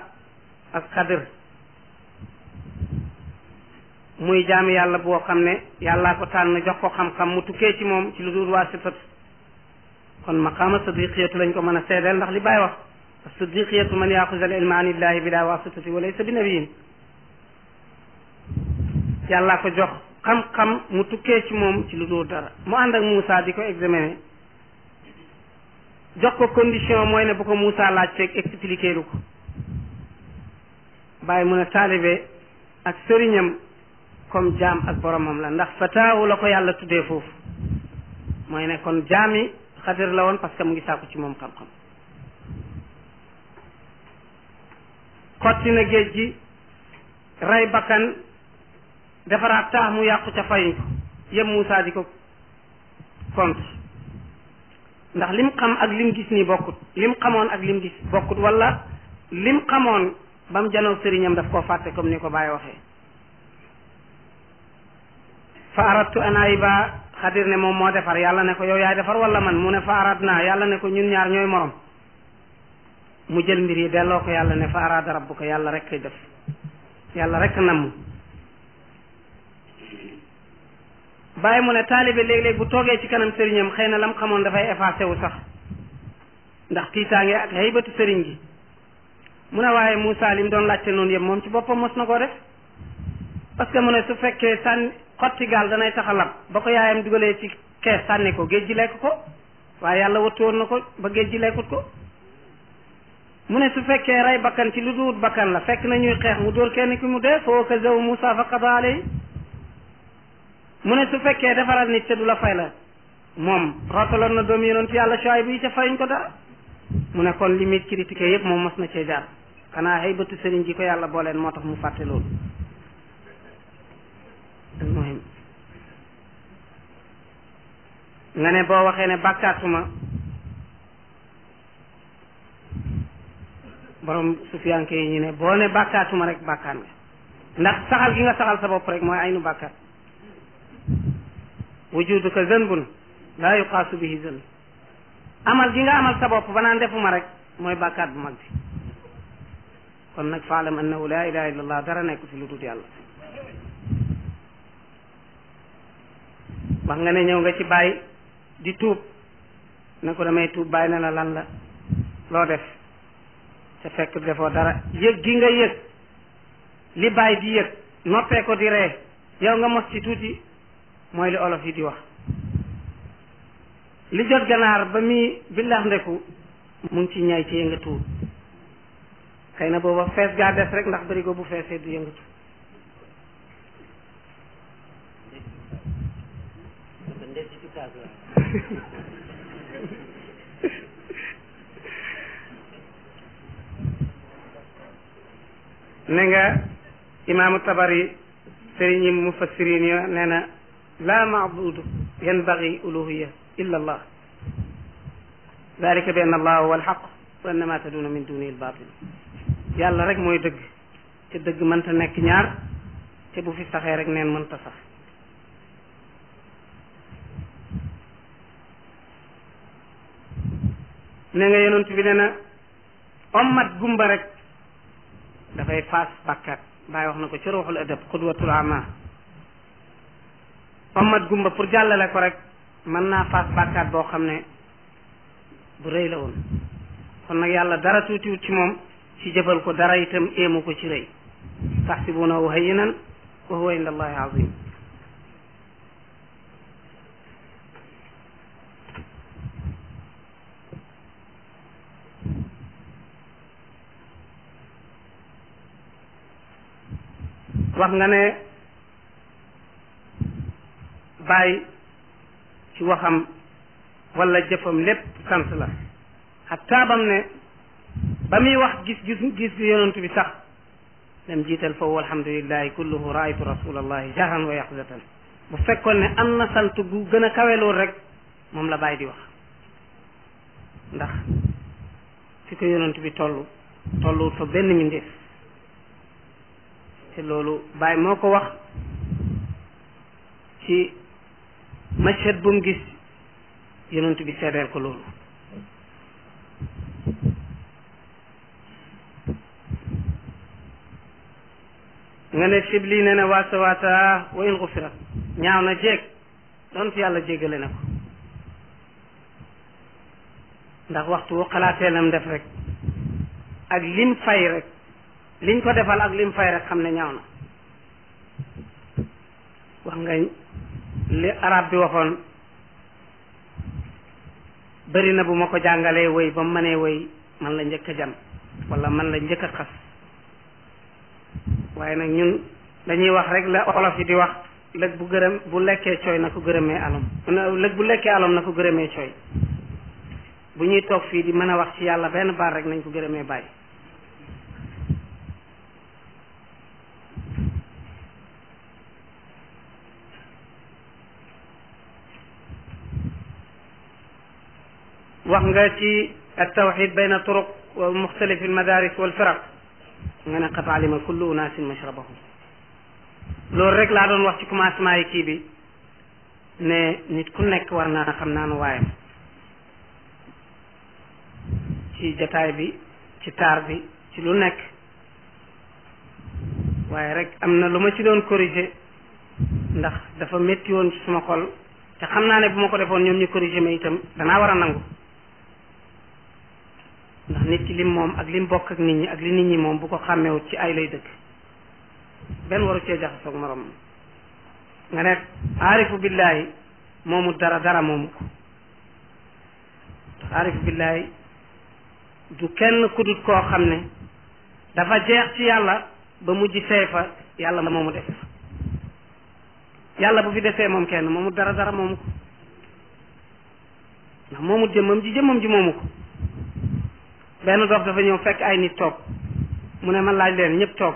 ak Xadir muy jaami yàlla boo xam ne yàllaa ko tànn jox ko xam-xam mu tukkee ci moom ci lu du dul waasitat kon maqaama sadiqiyatu lañ ko mën a seedeel ndax li Baay wax as-siddiqiyatu man yaaxuza al-ilma an illahi bila waasitati wa laysa bi nabiyin yàllaa ko jox xam-xam mu tukkee ci moom ci lu dul dara mu ànd ak Moussa di ko examiner jox ko condition mooy ne bu ko Moussa laaj fekk expliqué lu ko bàyyi mun a taalibe ak sëriñam comme jaam ak boromam la ndax fataawu la ko yàlla tuddee foofu mooy ne kon jaami xadir la woon parce que mu ngi sàkku ci moom xam-xam xotti na géej gi rey bakkan defaraat taax mu yàqu ca fayuñ ko yëpp Moussa di ko compte ndax lim xam ak lim gis nii bokkut lim xamoon ak lim gis bokkut wala lim xamoon ba mu janoog sëriñam daf koo fàtte comme ni ko Baye waxee fa arattu anaay ba xadir ne moom moo defar yàlla ne ko yow yaay defar wala man mu ne fa arat naa yàlla ne ko ñun ñaar ñooy moroom mu jël mbir yi delloo ko yàlla ne fa arada rabbuka yàlla rek koy def yàlla rek namm bàyyi mu ne taalibe léeg-léeg bu toogee ci kanam sëriñam xëy na lam xamoon dafay effacé wu sax ndax tiitaange ak xëybatu sëriñ gi mu ne waaye Moussa li mu doon laajte noonu yëpp moom ci boppam mos na koo def parce que mu ne su fekkee sànni xotti gaal danay tax a lab ba ko yaayam dugalee ci kees sànni ko géej gi lekk ko waaye yàlla wattu woon na ko ba géej gi lekkut ko mu ne su fekkee rey bakkan ci lu duut bakkan la fekk na ñuy xeex mu dóor kenn ki mu de foo ko zaw Moussa mu ne su fekkee defaral nit te du la fay moom rootaloon na doom yonent yàlla Shuayb bi te ko dara mu ne kon li muy critiqué yépp moom mos na cee jaar xanaa xëy bëtu sëriñ ji ko yàlla booleen moo tax mu fàtte loolu nga ne boo waxee ne bàkkaatuma borom sufiyanke yi ne boo ne bàkkaatuma rek bàkkaat nga ndax saxal gi nga saxal sa bopp rek mooy ay nu bàkkaat wujuduka zanbun laa yuqaasu bihi zanb amal gi nga amal sa bopp banaan defuma rek mooy bàkkaat bu mag bi kon nag faalam annahu laa ilaha illa allah dara nekk fi lu dul yàlla wax nga ne ñëw nga ci bàyyi di tuub ne ko damay tuub bàyyi na la lan la loo def te fekk defoo dara yëg gi nga li bàyyi di yëg noppee ko di ree yow nga mos mooy li olof yi di wax li jot ganaar ba muy billax ndeku mu ngi ci ñaay ci yëngatuwul xëy na booba fees gaa des rek ndax barigo bu feesee du yëngatu ne nga imaamu tabari sëriñi mufassirin yo nee laa maabudu yanbagi uluhiya illa allah dalika bi ann allah huwa alxaq wa anna ma taduna min duni albatil yàlla rek mooy dëgg te dëgg mënta nekk ñaar te bu fi saxee rek neen mënta sax ne nga yonent bi ne na ommat gumba rek dafay faas bàkkaat bàyyi wax na ko ci ruuxul adab xudwatul ama omat gumba pour jàllale ko rek mën naa faas bàkkaat boo xam ne bu rëy kon nag yàlla dara tuutiwut ci moom ci jëfal ko dara itam éemu ko ci rëy taxsibunahu hayyinan wa huwa inda allahi azim wax nga ne bàyyi ci waxam wala jëfam lépp sant la xataa bam ne ba muy wax gis gis gis yonent bi sax dem jiital foofu alhamdulilahi kulluhu raaytu rasulallahi jaran wa yaxzatan bu fekkoon ne am na sant gu gën a kawe loolu rek moom la bàyyi di wax ndax fi ko yonent bi toll tolluwut fa benn ñu ndéef te loolu bàyyi moo ko wax ci machet bu mu gis yonent bi seedeel ko loolu nga ne sibli ne na waasa waasa wa in xufira ñaaw na jéeg doon fi yàlla jéggale na ko ndax waxtu wu xalaatee lam def rek ak lim fay rek liñ ko defal ak lim fay rek xam ne ñaaw na wax nga li arab bi waxoon bëri na bu ma ko jàngalee woy ba mu mënee woy man la njëkk jan jam wala man la njëkk a xas waaye nag ñun dañuy wax rek la olof yi di wax lëg bu gërëm bu lekkee cooy na ko gërëmee alom lëg bu lekkee alom na ko gërëmee cooy bu ñuy toog fii di mën a wax ci yàlla benn baal rek nañ ko gërëmee bàyyi وخنجاتي التوحيد بين الطرق ومختلف المدارس والفرق من قطع لما كل ناس مشربهم لو رك لا دون واخ سي كوماسماي كي بي ني نيت كو نيك وارنا خمنا نو وايم سي جتاي بي سي تار بي سي لو نيك واي رك امنا لوما سي دون كوريجي ndax dafa metti won suma xol te xam naa ne bu ma ko defoon ñoom ñu corrigé ma itam danaa war a nangu ndax nit ki lim moom ak lim bokk ak nit ñi ak li nit ñi moom bu ko xàmmewut ci ay lay dëkk benn waru cee jaxasoog moroom nga ne aarifu billaahi moomu dara dara moomu ko ndax aarifu billaahi du kenn kudut koo xam ne dafa jeex ci yàlla ba mujj seey fa yàlla moomu def yàlla bu fi defee moom kenn moomu dara dara moomu ko ndax moomu jëmmam ji jëmmam ji moomu ko benn dof dafa ñëw fekk ay nit toog mu ne ma laaj leen ñëpp toog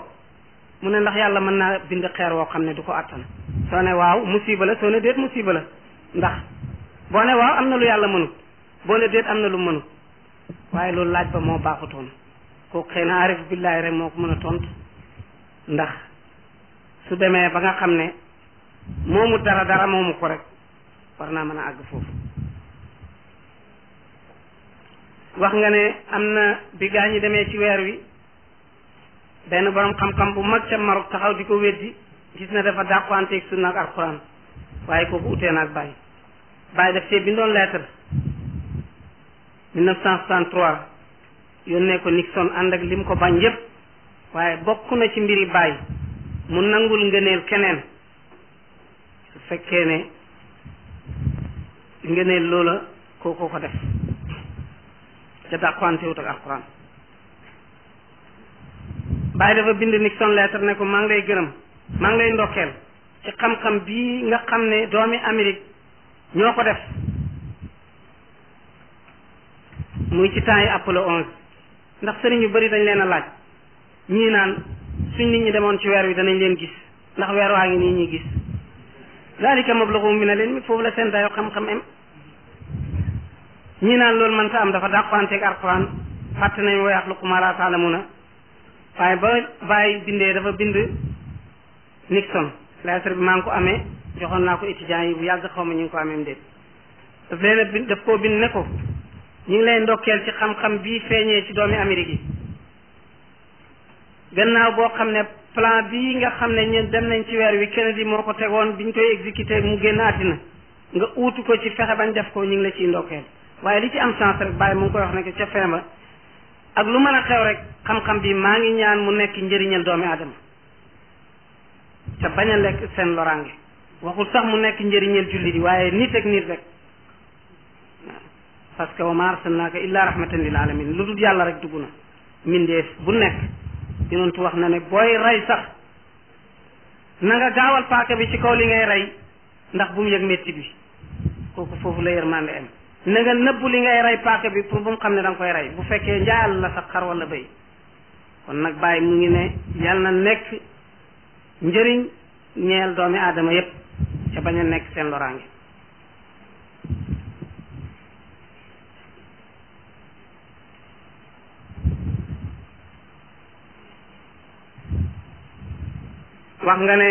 mu ne ndax yàlla mën naa bind xeer woo xam ne du ko attan soo ne waaw musiba la soo ne déet musiba la ndax boo ne waaw am na lu yàlla mënut boo ne déet am na lu mënut waaye loolu laaj ba moo baaxutoon kooku xëy na arif billaay rek moo ko mën a tontu ndax su demee ba nga xam ne moomu dara dara moomu ko rek war naa mën a àgg foofu wax nga ne am na bi gaa ñi demee ci weer wi benn borom xam-xam bu mag ca Maroc taxaw di ko weddi gis na dafa dàqanteeg sunna ak alquran waaye kooku utee na ak Baye Baye daf see bindoon lettre 1963 yónnee ko Nixon ànd ak lim ko bañ yépp waaye bokk na ci mbir mbiri Baye mu nangul ngëneel keneen su fekkee ne ngëneel loola kookoo ko def ca dàqante wut ak alquran bàyyi dafa bind Nixon lettre ne ko maa ngi lay gërëm maa ngi lay ndokkeel ci xam-xam bii nga xam ne doomi Amérique ñoo ko def muy ci temps yi Apollo 11 ndax sëriñ yu bari dañ leen a laaj ñii naan suñ nit ñi demoon ci weer wi danañ leen gis ndax weer waa ngi nii ñuy gis dalika mablaghum min al-ilmi foofu la seen dayoo xam-xam ñi naan loolu mënta am dafa dàqanteeg alquran fàtte nañu wa yaxluqu maa laa ta'lamuuna waaye ba bàyyi bindee dafa bind Nixon lettre bi maa ngi ko amee joxoon naa ko étudiants yi bu yàgg xaw ma ñu ngi ko amee déet daf leen a bind daf koo bind ne ko ñu ngi lay ndokkeel ci xam-xam bii feeñee ci doomi Amérique yi gannaaw boo xam ne plan bii nga xam ne ñun dem nañ ci weer wi Kennedy moo ko tegoon biñ koy exécuté mu génn àddina nga uutu ko ci fexe bañ def ko ñu ngi la ciy ndokkeel waaye li ci am chance rek bàyyi mu ngi koy wax ne ca feema ak lu mën a xew rek xam-xam bi maa ngi ñaan mu nekk njëriñal doomi aadama te bañ a lekk seen loraange waxul sax mu nekk njëriñal jullit yi waaye nit ak nit rek parce que wa ma arsalnaaka illa rahmatan lil alamin lu dul yàlla rek dugg na mindeef bu nekk yonentu wax na ne booy rey sax na nga gaawal paaka bi ci kaw li ngay rey ndax bu mu yëg métti bi kooku foofu la yërmande am na nga nëbbu li ngay rey paaka bi pour bu mu xam ne danga koy rey bu fekkee njaayal la sax xar wala béy kon nag bàyyi mu ngi ne yàlla na nekk njëriñ ñeel doomi aadama yépp ca bañ a nekk seen loraange wax nga ne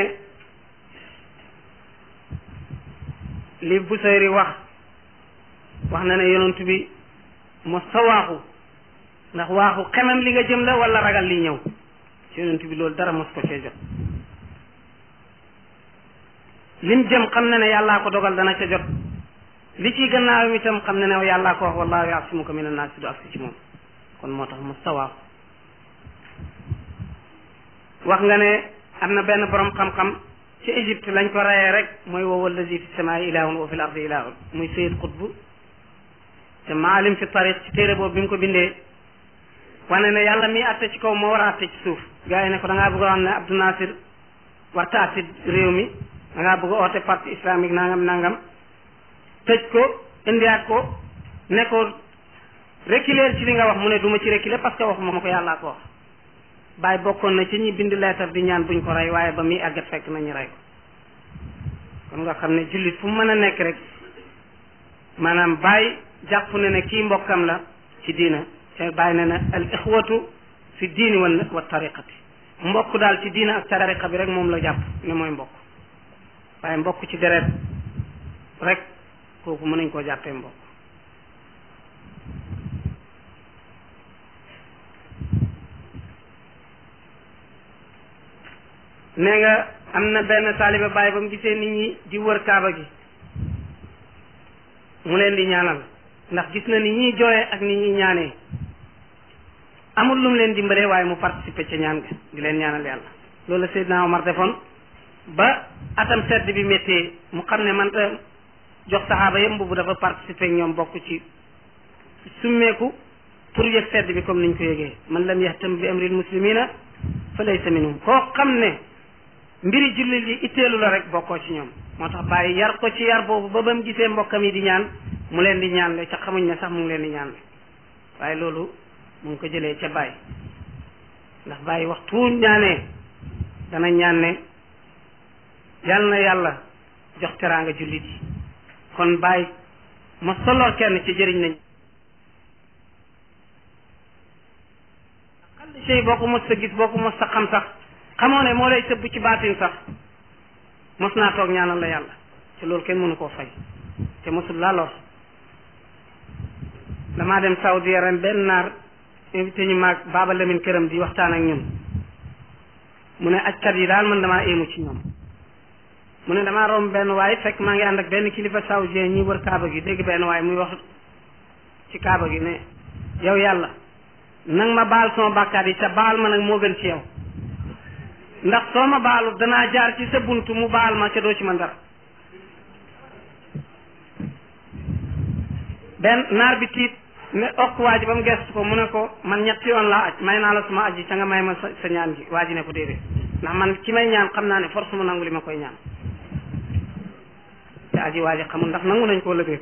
li Busayri wax wax na ne yonent bi mos sa waaxu ndax waaxu xemam li nga jëm la wala ragal li ñëw ci yonent bi loolu dara mos ko cee jot lim jëm xam na ne yàllaa ko dogal dana ca jot li ci gannaawam itam xam na ne yàllaa ko wax wallahu yasimuka min annaas du agsi ci moom kon moo tax mos sa waaxu wax nga ne am na benn borom xam-xam ci égypte lañ ko rayee rek mooy wa wallazi fi samaai ilaahun wa fi l ardi ilaahun muy sayid qutbu te maalim fi tariq ci téere boobu bi mu ko bindee wane ne yàlla mi atte ci kaw moo war a atte ci suuf gaa yi ne ko da ngaa bëgg a wax ne Abdou Nasir réew mi da ngaa bëgg a oote parti islamique nangam nangam tëj ko indiaat ko ne ko ci li nga wax mu ne du ma ci reculer parce que waxuma ma ko yàlla ko wax bàyyi bokkoon na ci ñi bind leetar di ñaan buñ ko rey waaye ba muy àggat fekk nañu rey ko kon nga xam ne jullit fu mu mën a nekk rek jàpp ne ne kii mbokkam la ci diina te bàyyi na ne al ixwatu fi diini wal wa tariqati mbokk daal ci diina ak tariqa bi rek moom la jàpp ne mooy mbokk waaye mbokk ci deret rek kooku mën nañ koo jàppee mbokk nee nga am na benn taaliba bàyyi ba mu gisee nit ñi di wër kaaba gi mu leen di ñaanal ndax gis na ni ñuy jooyee ak ni ñuy ñaanee amul lu mu leen dimbalee waaye mu participer ca ñaan ga di leen ñaanal yàlla loolu la Seydina Omar defoon ba atam sedd bi méttee mu xam ne man euh, jox saxaaba yëpp mbubu dafa participer ñoom bokk ci summeeku pour yëg sedd bi comme niñ ko yëgee man lam yahtam bi amril muslimina fa laysa minhum koo xam ne mbiri jullit yi itteelu la rek bokkoo ci ñoom moo tax bàyyi yar ko ci yar boobu ba ba mu gisee mbokkam yi di ñaan mu leen di ñaanle ca xamuñ na sax mu ngi leen di ñaanle waaye loolu mu ngi ko jëlee ca bàyyi ndax bàyyi waxtu ñaanee dana ñaan ne yàlla na yàlla jox teraanga jullit yi kon bàyyi ma solo kenn ci jëriñ nañ xal sey boo ko ma sa gis boo ko mos sa xam sax xamoo ne moo lay tëbb ci baatin sax mos naa toog ñaanal la yàlla loolu kenn mënu koo fay te laa lor damaa dem Saudi ren benn naar invité ñu maag Baba Lamine këram di waxtaan ak ñun mu ne ajkat yi daal man damaa éemu ci ñoom mu ne damaa romb benn waay fekk maa ngi ànd ak benn kilifa saoudien ñi wër kaaba gi dégg benn waay muy wax ci kaaba gi ne yow yàlla nang ma baal sama bàkkaar yi te baal ma nag moo gën ci yow ndax soo ma baalu danaa jaar ci sa bunt mu baal ma ca doo ci ma ndar benn naar bi tiit ne ok waa ji ba mu gestu ko mu ne ko man ñetti yoon laa aj may naa la suma aj yi ca nga may ma sa ñaan gi waa ji ne ko déedéet ndax man ki may ñaan xam naa ne force mu nangu li ma koy ñaan te aji waa ji ndax nangu nañ koo lëgéey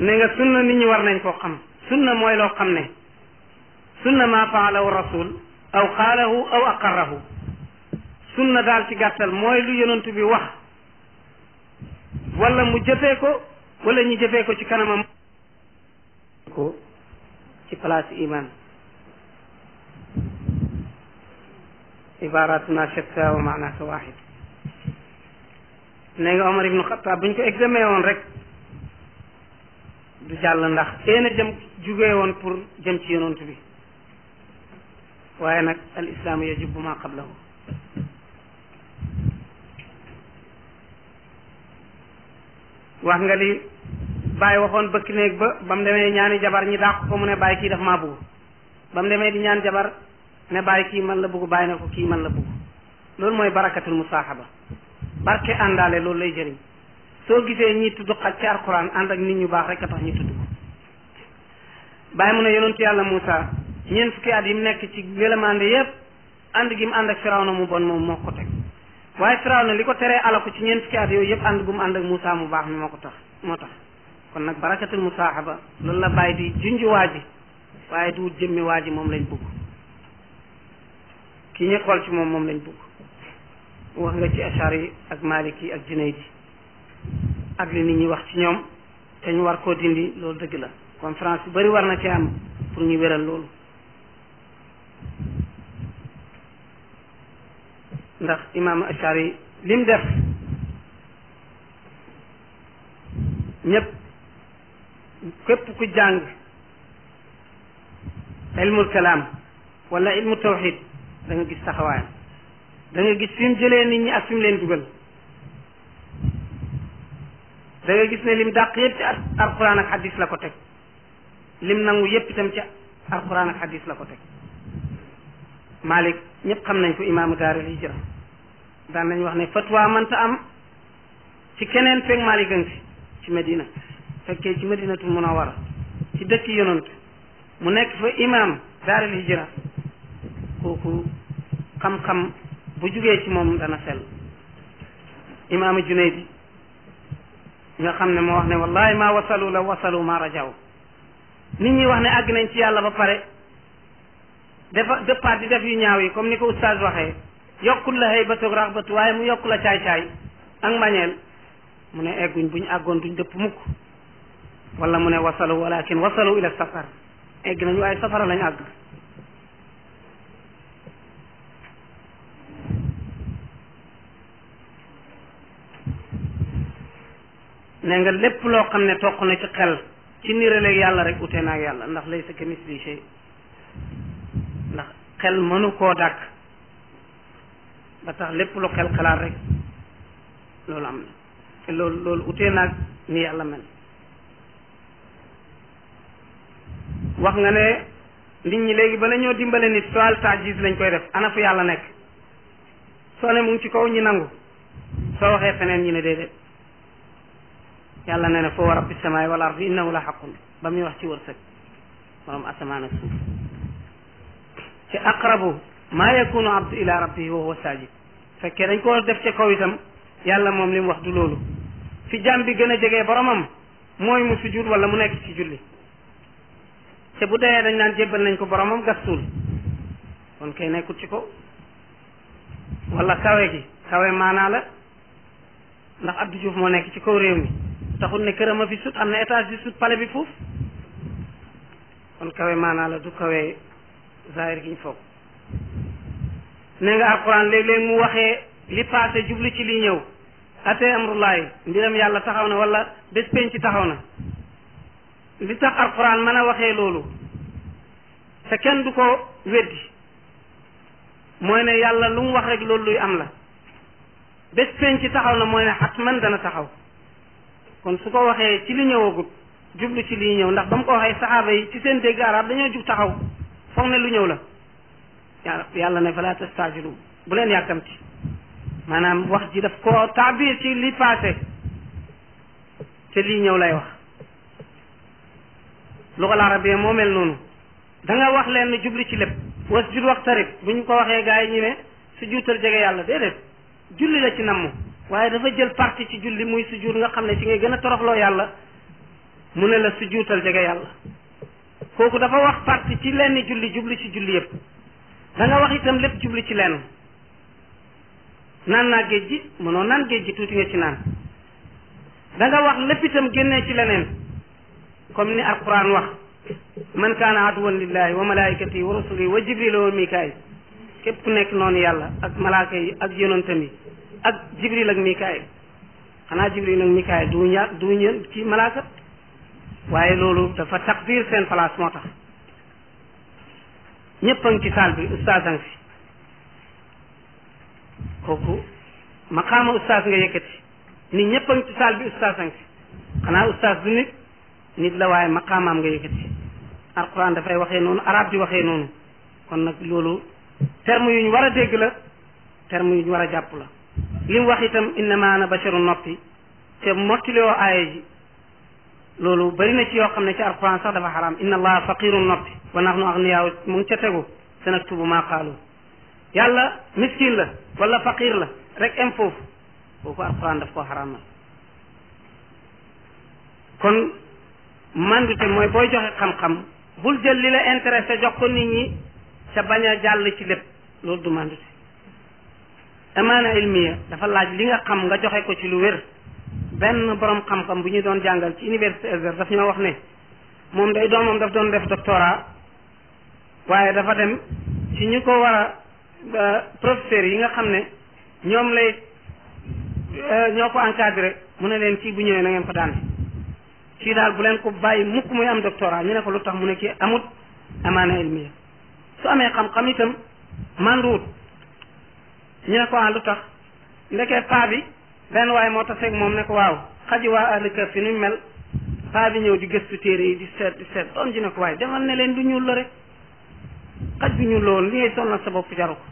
ne nga sunna nit ñi war nañ koo xam sunna mooy loo xam ne sunna ma faalahu rasul aw xaalahu aw aqarrahu sunna daal ci gàttal mooy lu yonentu bi wax wala mu jëfee ko wala ñu jëfee ko ci kanamam ko ci place imam ibaratuna shatta wa maanaka wahid ne nga Omar ibnu Xataab buñ ko examé woon rek du jàll ndax seen jëm jugee woon pour jëm ci yonent bi waaye nag al islaamu yajibu ma qablahu wax nga li bàyyi waxoon bëkk néeg ba ba mu demee ñaani jabar ñi dàq ko mu ne bàyyi kii daf maa bugg ba mu demee di ñaan jabar ne bàyyi kii man la bugg bàyyi na ko kii man la bugg loolu mooy barakatul musaaxaba barke àndaale loolu lay jëriñ soo gisee ñi tudd xaj ci alquran ànd ak nit ñu baax rek a tax ñu tudd ko bàyyi mu ne yonentu yàlla Moussa ñeent fukki at yi mu nekk ci wélamande yépp ànd gi mu ànd ak Firawna mu bon moom moo ko teg waaye firaaw na li ko teree alaku ci ñeent fukki at yooyu yëpp ànd gu mu ànd ak musaa mu baax mi moo ko tax moo tax kon nag barakatul musaahaba loolu la bàyyi di junj waa waaye du jëmmi waa ji moom lañ bugg kii ñu xool ci moom moom lañ bugg wax nga ci achar yi ak malik yi ak junayd yi ak li nit ñi wax ci ñoom te ñu war koo dindi loolu dëgg la conférence bi bari war na ci am pour ñu wéral loolu ndax imaamu Ashari lim def ñëpp képp ku jàng ilmul kalaam wala ilmu tawxid da gis taxawaayam da gis fi mu jëlee nit ñi ak fi mu leen dugal danga gis ne lim dàq yëpp ci alquran ak hadis la ko teg lim nangu yépp itam ci alquran ak hadis la ko teg Malik ñépp xam nañ ko imaamu taarix hijra daan nañ wax ne fatwa mënta am ci keneen feeg Maalik a ngi fi ci Medina fekkee ci Medinatu Munawara ci dëkk yonant mu nekk fa imaam daaril hijra kooku xam-xam bu jugee ci moom dana sell imaamu Junayd bi nga xam ne moo wax ne wallahi ma wasalu la wasalu ma rajaw nit ñi wax ne àgg nañ ci yàlla ba pare dafa dëppaat di def yu ñaaw yi comme ni ko oustaz waxee yokkul la xëy batog raxbatu waaye mu yokku la caay-caay ak mbañeel mu ne egguñ buñ àggoon duñ dëpp mukk wala mu ne wasalu walakin wasalu ila safar egg nañu waaye safara lañu àgg ne nga lépp loo xam ne toq na ci xel ci niraleeg yàlla rek ute naag yàlla ndax lay sa kemis li xel mënu koo dàkk ba tax lépp lu xel xalaat rek loolu am na loolu loolu utee naag ni yàlla mel wax nga ne nit ñi léegi bala ñoo dimbale nit soal taajis lañ koy def ana fu yàlla nekk soo ne mu ci kaw ñi nangu soo waxee feneen ñi ne déedéet yàlla nee na foo wa rabbi samaay wal ardi innahu la xaqun ba muy wax ci wërsëg borom asamaan ak suuf ci aqrabu maa yakunu abdu ila wa huwa saajid fekkee dañ koo def ca kaw itam yàlla moom li wax du loolu fi jaam bi gën a jegee boromam mooy mu sujud wala mu nekk ci julli te bu dee dañ naan jébbal nañ ko boromam gas suul kon kay nekkut ci ko walla kawe gi kawe maanaa la ndax Abdou Diouf moo nekk ci kaw réew mi taxul ne këram fi sut am na étage bi sut pale bi foofu kon kawe maanaa la du kawee zahir gi ñu foog nee nga alquran léeg mu waxee li passé jublu ci li ñëw atee amrullaay mbiram yàlla taxaw na wala bés penc taxaw na li tax alquran man a waxee loolu te kenn du ko weddi mooy ne yàlla lu mu wax rek loolu luy am la bés penc taxaw na mooy ne xatman dana taxaw kon su ko waxee ci li ñëwagut jublu ci li ñëw ndax ba mu ko waxee saxaaba yi ci seen dégg arab dañoo jug taxaw foog ne lu ñëw la yàlla ne fala tastaajilu bu leen yàkkamti maanaam wax ji daf ko taabir ci li passé te lii ñëw lay wax lugal arabia moo mel noonu da wax leen jubli ci lépp wax waqtarib bu ñu ko waxee gaa yi ñu ne su juutal jege yàlla déedéet julli la ci namm waaye dafa jël parti ci julli muy sujjuut nga xam ne ci ngay gën a toroxloo yàlla mu ne la sujjuutal jege yàlla kooku dafa wax parti ci lenn julli jublu ci julli yëpp da wax itam lépp jublu ci lenn naan naa géej gi mënoo naan géej gi tuuti nga ci naan da wax lépp itam génnee ci leneen comme ni alquran wax man kaana aduwan lillahi wa malaikati wa rusuli wa jibril wa mikail képp nekk noonu yàlla ak malaaka yi ak yonantam yi ak jibril ak mikail xanaa jibril ak mikail du ña du ñeen ci malaaka waaye loolu dafa takbiir seen place moo tax ñëpp ci saal bi ustaas a kooku maqaama ustaas nga yëkkati nit ñëpp a ci saal bi ustaas a xanaa ustaas du nit nit la waaye maqaamaam nga yëkkati alquran dafay waxee noonu arab di waxee noonu kon nag loolu terme yu ñu war a dégg la terme yu ñu war a jàpp la li waxitam wax itam innama ana basharun noppi te mottiloo aaya ji loolu bari na ci yoo xam ne ci alquran sax dafa xaraam inna allaha faqirun noppi wa nahnu agniyaaw mu ngi ca tegu sanaktubu maa qaalu yàlla miskin la wala faqir la rek am foofu kooku alquran daf koo xaraamal kon mandute mooy booy joxe xam-xam bul jël li la intéressé jox ko nit ñi sa bañ a jàll ci lépp loolu du mandute amaana ilmiya dafa laaj li nga xam nga joxe ko ci lu wér benn borom xam-xam bu ñu doon jàngal ci université Azhar daf ñoo wax ne moom day doomam daf doon def doctorat waaye dafa dem ci ñu ko war a professeurs yi nga xam ne ñoom lay euh, ñoo ko encadré mu ne leen kii bu ñëwee na ngeen ko daan kii daal bu leen ko bàyyi mukk muy am doctorat ñu ne ko lu tax mu ne kii amut amaana ilmiya su amee xam-xam itam man ruut ñu ne ko ah lu tax ndekee paa bi lenn waaye moo taseeg moom ne ko waaw xaji waa ahli kahf fi nuñ mel paa bi ñëw di gëstu téere yi di seet di seet doon ji ne ko waaye defal ne leen du ñuul la rek xaj bi ñuul la woon li ngay sonal sa bopp jaru ko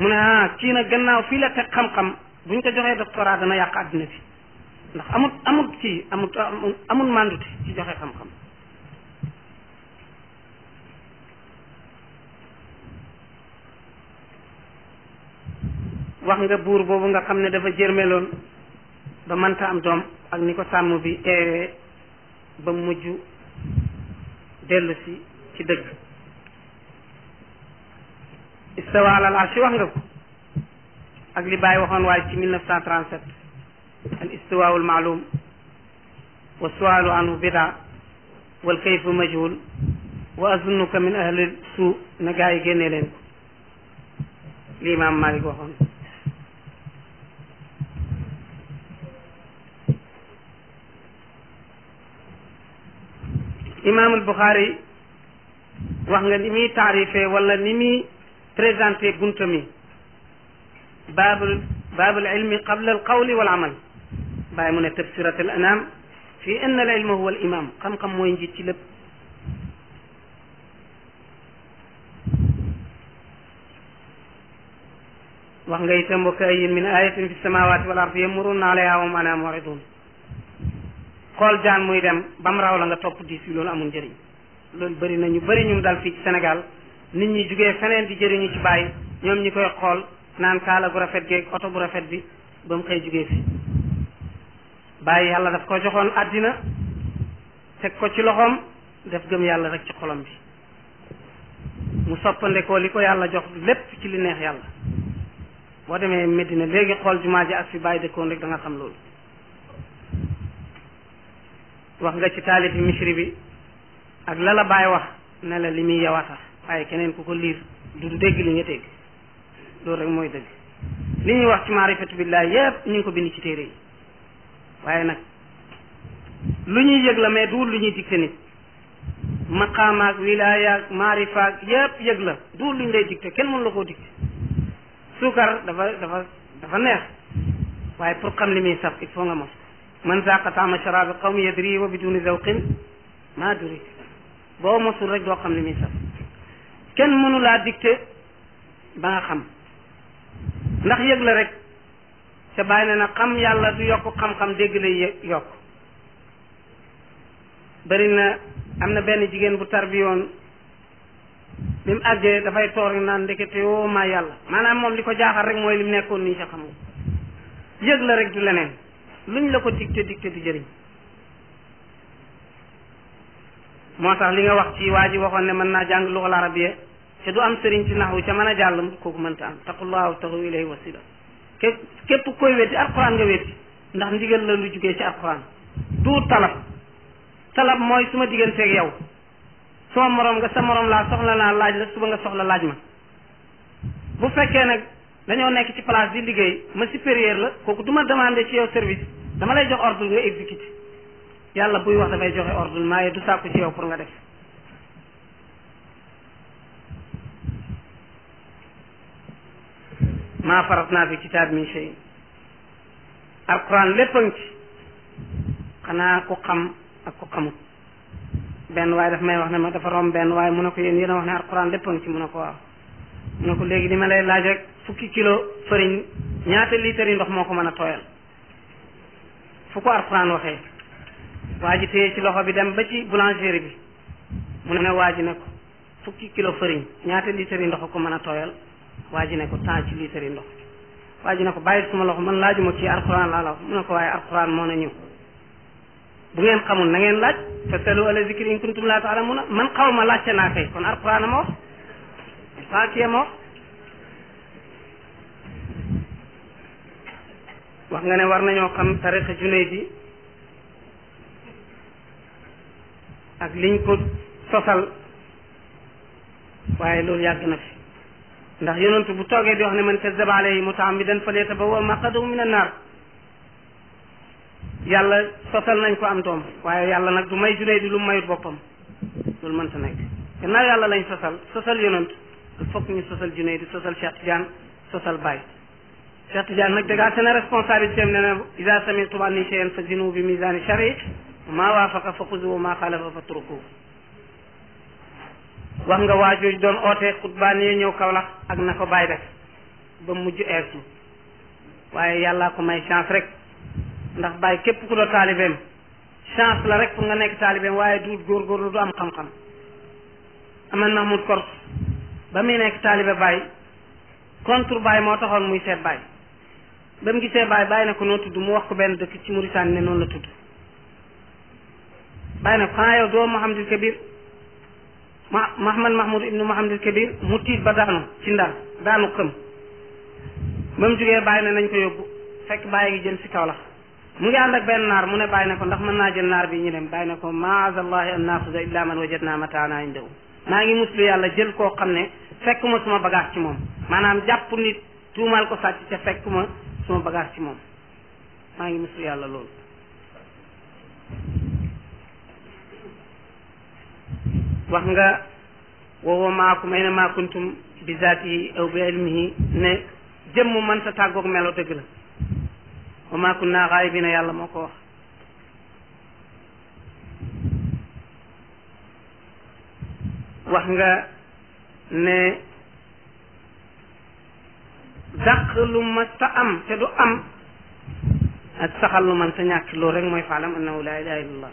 mu ne ah kii nag gannaaw fii la teg xam-xam buñ ko joxee doctorat dana yàq àddina bi ndax amut amut kii amut amut mandute ci joxe xam-xam wax nga buur boobu nga xam ne dafa jërmeloon ba mënta am doom ak ni ko sàmm bi eewee ba mujj dellu si ci dëkk istawa alal arshi wax nga ko ak li bàyyi waxoon waaye ci 1937 al istiwaawul maalum wa suwaalu anhu bida wal kayfu majhul wa azunnuka min ahli suu na gaa yi génnee leen ko li imaam Maalik waxoon imam al-bukhari wax nga ni muy taarifee wala ni muy présenté gunta mi babul babul ilmi qabla al qawl wal amal baye mo ne tafsirat al anam fi an al ilma huwa al imam xam-xam moy njiit ci lépp wax nga itam wa kayin min ayatin fi samawati wal ardi yamuruna alayha wa man amridun xool jaan muy dem ba mu raw la nga topp diis bi loolu amul njëriñ loolu bëri na ñu bari ñu dal fii ci Sénégal nit ñi jugee feneen di jëriñu ci bàyyi ñoom ñi koy xool naan kaala gu rafet geeg oto bu rafet bi ba mu xëy jugee fi bàyyi yàlla daf ko joxoon àddina teg ko ci loxoom def gëm yàlla rek ci xolam bi mu soppandekoo li ko yàlla jox lépp ci li neex yàlla boo demee Medina léegi xool jumaa ji ak si bàyyi dëkkoon rek da nga xam loolu wax nga ci taalib misri bi ak lala baay wax ne la li muy yawata waaye keneen ku ko liir du dégg li nga dégg loolu rek mooy dëgg li ñuy wax ci maarifatu billahi yépp ñu ngi ko bind ci téere yi waaye nag lu ñuy yëg la mais duul lu ñuy dicté nit maqaamaak wilaayaak maarifaak yépp yëg la duul lu ñu lay dicté kenn mënu la koo dicté suukar dafa dafa dafa neex waaye pour xam li muy saf il faut nga mos man zaqa taama sharabi qawmi yadri wa biduni zawqin maa duri boo mosul rek doo xam ne muy saf kenn mënu laa dicté ba nga xam ndax yëg la rek ca bàyyi na xam yàlla du yokk xam-xam dégg lay yokk bëri na am na benn jigéen bu tarbiyoon bi mu dafay toor naan ndekete yoo maa yàlla maanaam moom li ko jaaxal rek mooy li mu nekkoon ni ca xamul yëg la rek du leneen lu luñ la ko digte digte du jëriñ moo tax li nga wax ci waa ji waxoon ne mën naa jàng rab arabiya te du am sëriñ ci naxwu ca mën a jàll kooku mënta am taqullahu taxu ilayhi wasila képp képp koy wetti alquran nga wetti ndax ndigal la lu jugee ci alquran du talab talab mooy su ma digganteeg yow sama morom nga sa moroom laa soxla naa laaj la suba nga soxla laaj ma bu fekkee nag dañoo nekk ci place di liggéey ma supérieur la kooku du ma demandé ci yow service dama lay jox ordre nga exécuté yàlla buy wax dafay joxe ordre maaye du sàkku ci yow pour nga def maa farat naa fi ci min shay alquran lépp a ngi ci xanaa ku xam ak ku xamut benn waaye daf may wax ne ma dafa romb benn waaye mun ne ko yéen yéen a wax ne alquran lépp a ci mu ne ko waaw mu ne ko léegi li ma lay laaj rek fukki kilo fëriñ ñaata litre yi ndox moo ko mën a tooyal fu ko alxuraan waxee waa ji téye ci loxo bi dem ba ci boulangerie bi mu ne waa ji ne ko fukki kilo fariñ ñaata litre yi ndox ko mën a tooyal waa ji ne ko temps ci litre ndox waa ji ne ko bàyyil suma loxo man laajuma kii alxuraan laa la wax mu na ko waaye alxuraan moo na ñëw bu ngeen xamul na ngeen laaj fasalu ala zikri in kuntum laa ta'lamuna man xaw ma laajte naa kay kon alxuraan a ma wax nga ne war nañoo xam tarixa Junayd ak liñ ko sosal waaye loolu yàgg na fi ndax yonentu bu toogee di wax ne man kazzaba alayhi mutaammidan falyatabawwa maqadahu min annaar yàlla sosal nañ ko am doom waaye yàlla nag du may Junayd lu mu mayut boppam loolu mënta nekk gannaaw yàlla lañ sosal sosal yonent il faut ñu sosal Junayd sosal Cheikh Tidiane sosal Baye Cheikh Tidiane nag dagaate na responsabilité am ne na ida samitum anni shay'an fa zinu bi misani shari maa waafaqa fa xuzu maa xaalafa fa turku wax nga waajooju doon oote xutbaan yee ñëw kawlax ak na ko bàyyi def ba mu mujj eertu waaye yàllaa ko may chance rek ndax bàyyi képp ku doon taalibeem chance la rek pour nga nekk taalibeem waaye du góorgóorlu du am xam-xam aman Mahmoud Kors ba muy nekk taalibe bàyyi contre bàyyi moo taxoon muy seet bàyyi ba mu gisee bàyyi bàyyi ne ko noo tudd mu wax ko benn dëkk ci Mauritanie ne noonu la tudd bàyyi ne ko xanaa yow doo Mouhamadul ma Mahamad Mahmoud ibnu Mouhamadul Kabir mu ba daanu ci ndar daanu xëm ba mu jugee bàyyi ne nañ ko yóbbu fekk bàyyi ngi jëm si kaw la mu ngi ànd naar mu ne bàyyi ne ndax mën naa jël naar bi ñu dem bàyyi ne ko maazallahi an naaxuda illa man wajadna mataana indahu maa ngi muslu yàlla jël koo xam ne fekkuma suma bagage ci moom maanaam jàpp nit tuumaal ko sàcc ca fekkuma sama bagage ci moom maa ngi musul yàlla loolu wax nga woowoo maakum ay na maakuntum bi zaati aw bi ilmihi ne jëmm mën sa tàggoog melo dëgg la wa maakun naa xaay bi na yàlla moo ko wax nga ne dàq lu mësta am te du am ak saxal lu mënta ñàkk loolu rek mooy faalam annahu laa ilaha illallah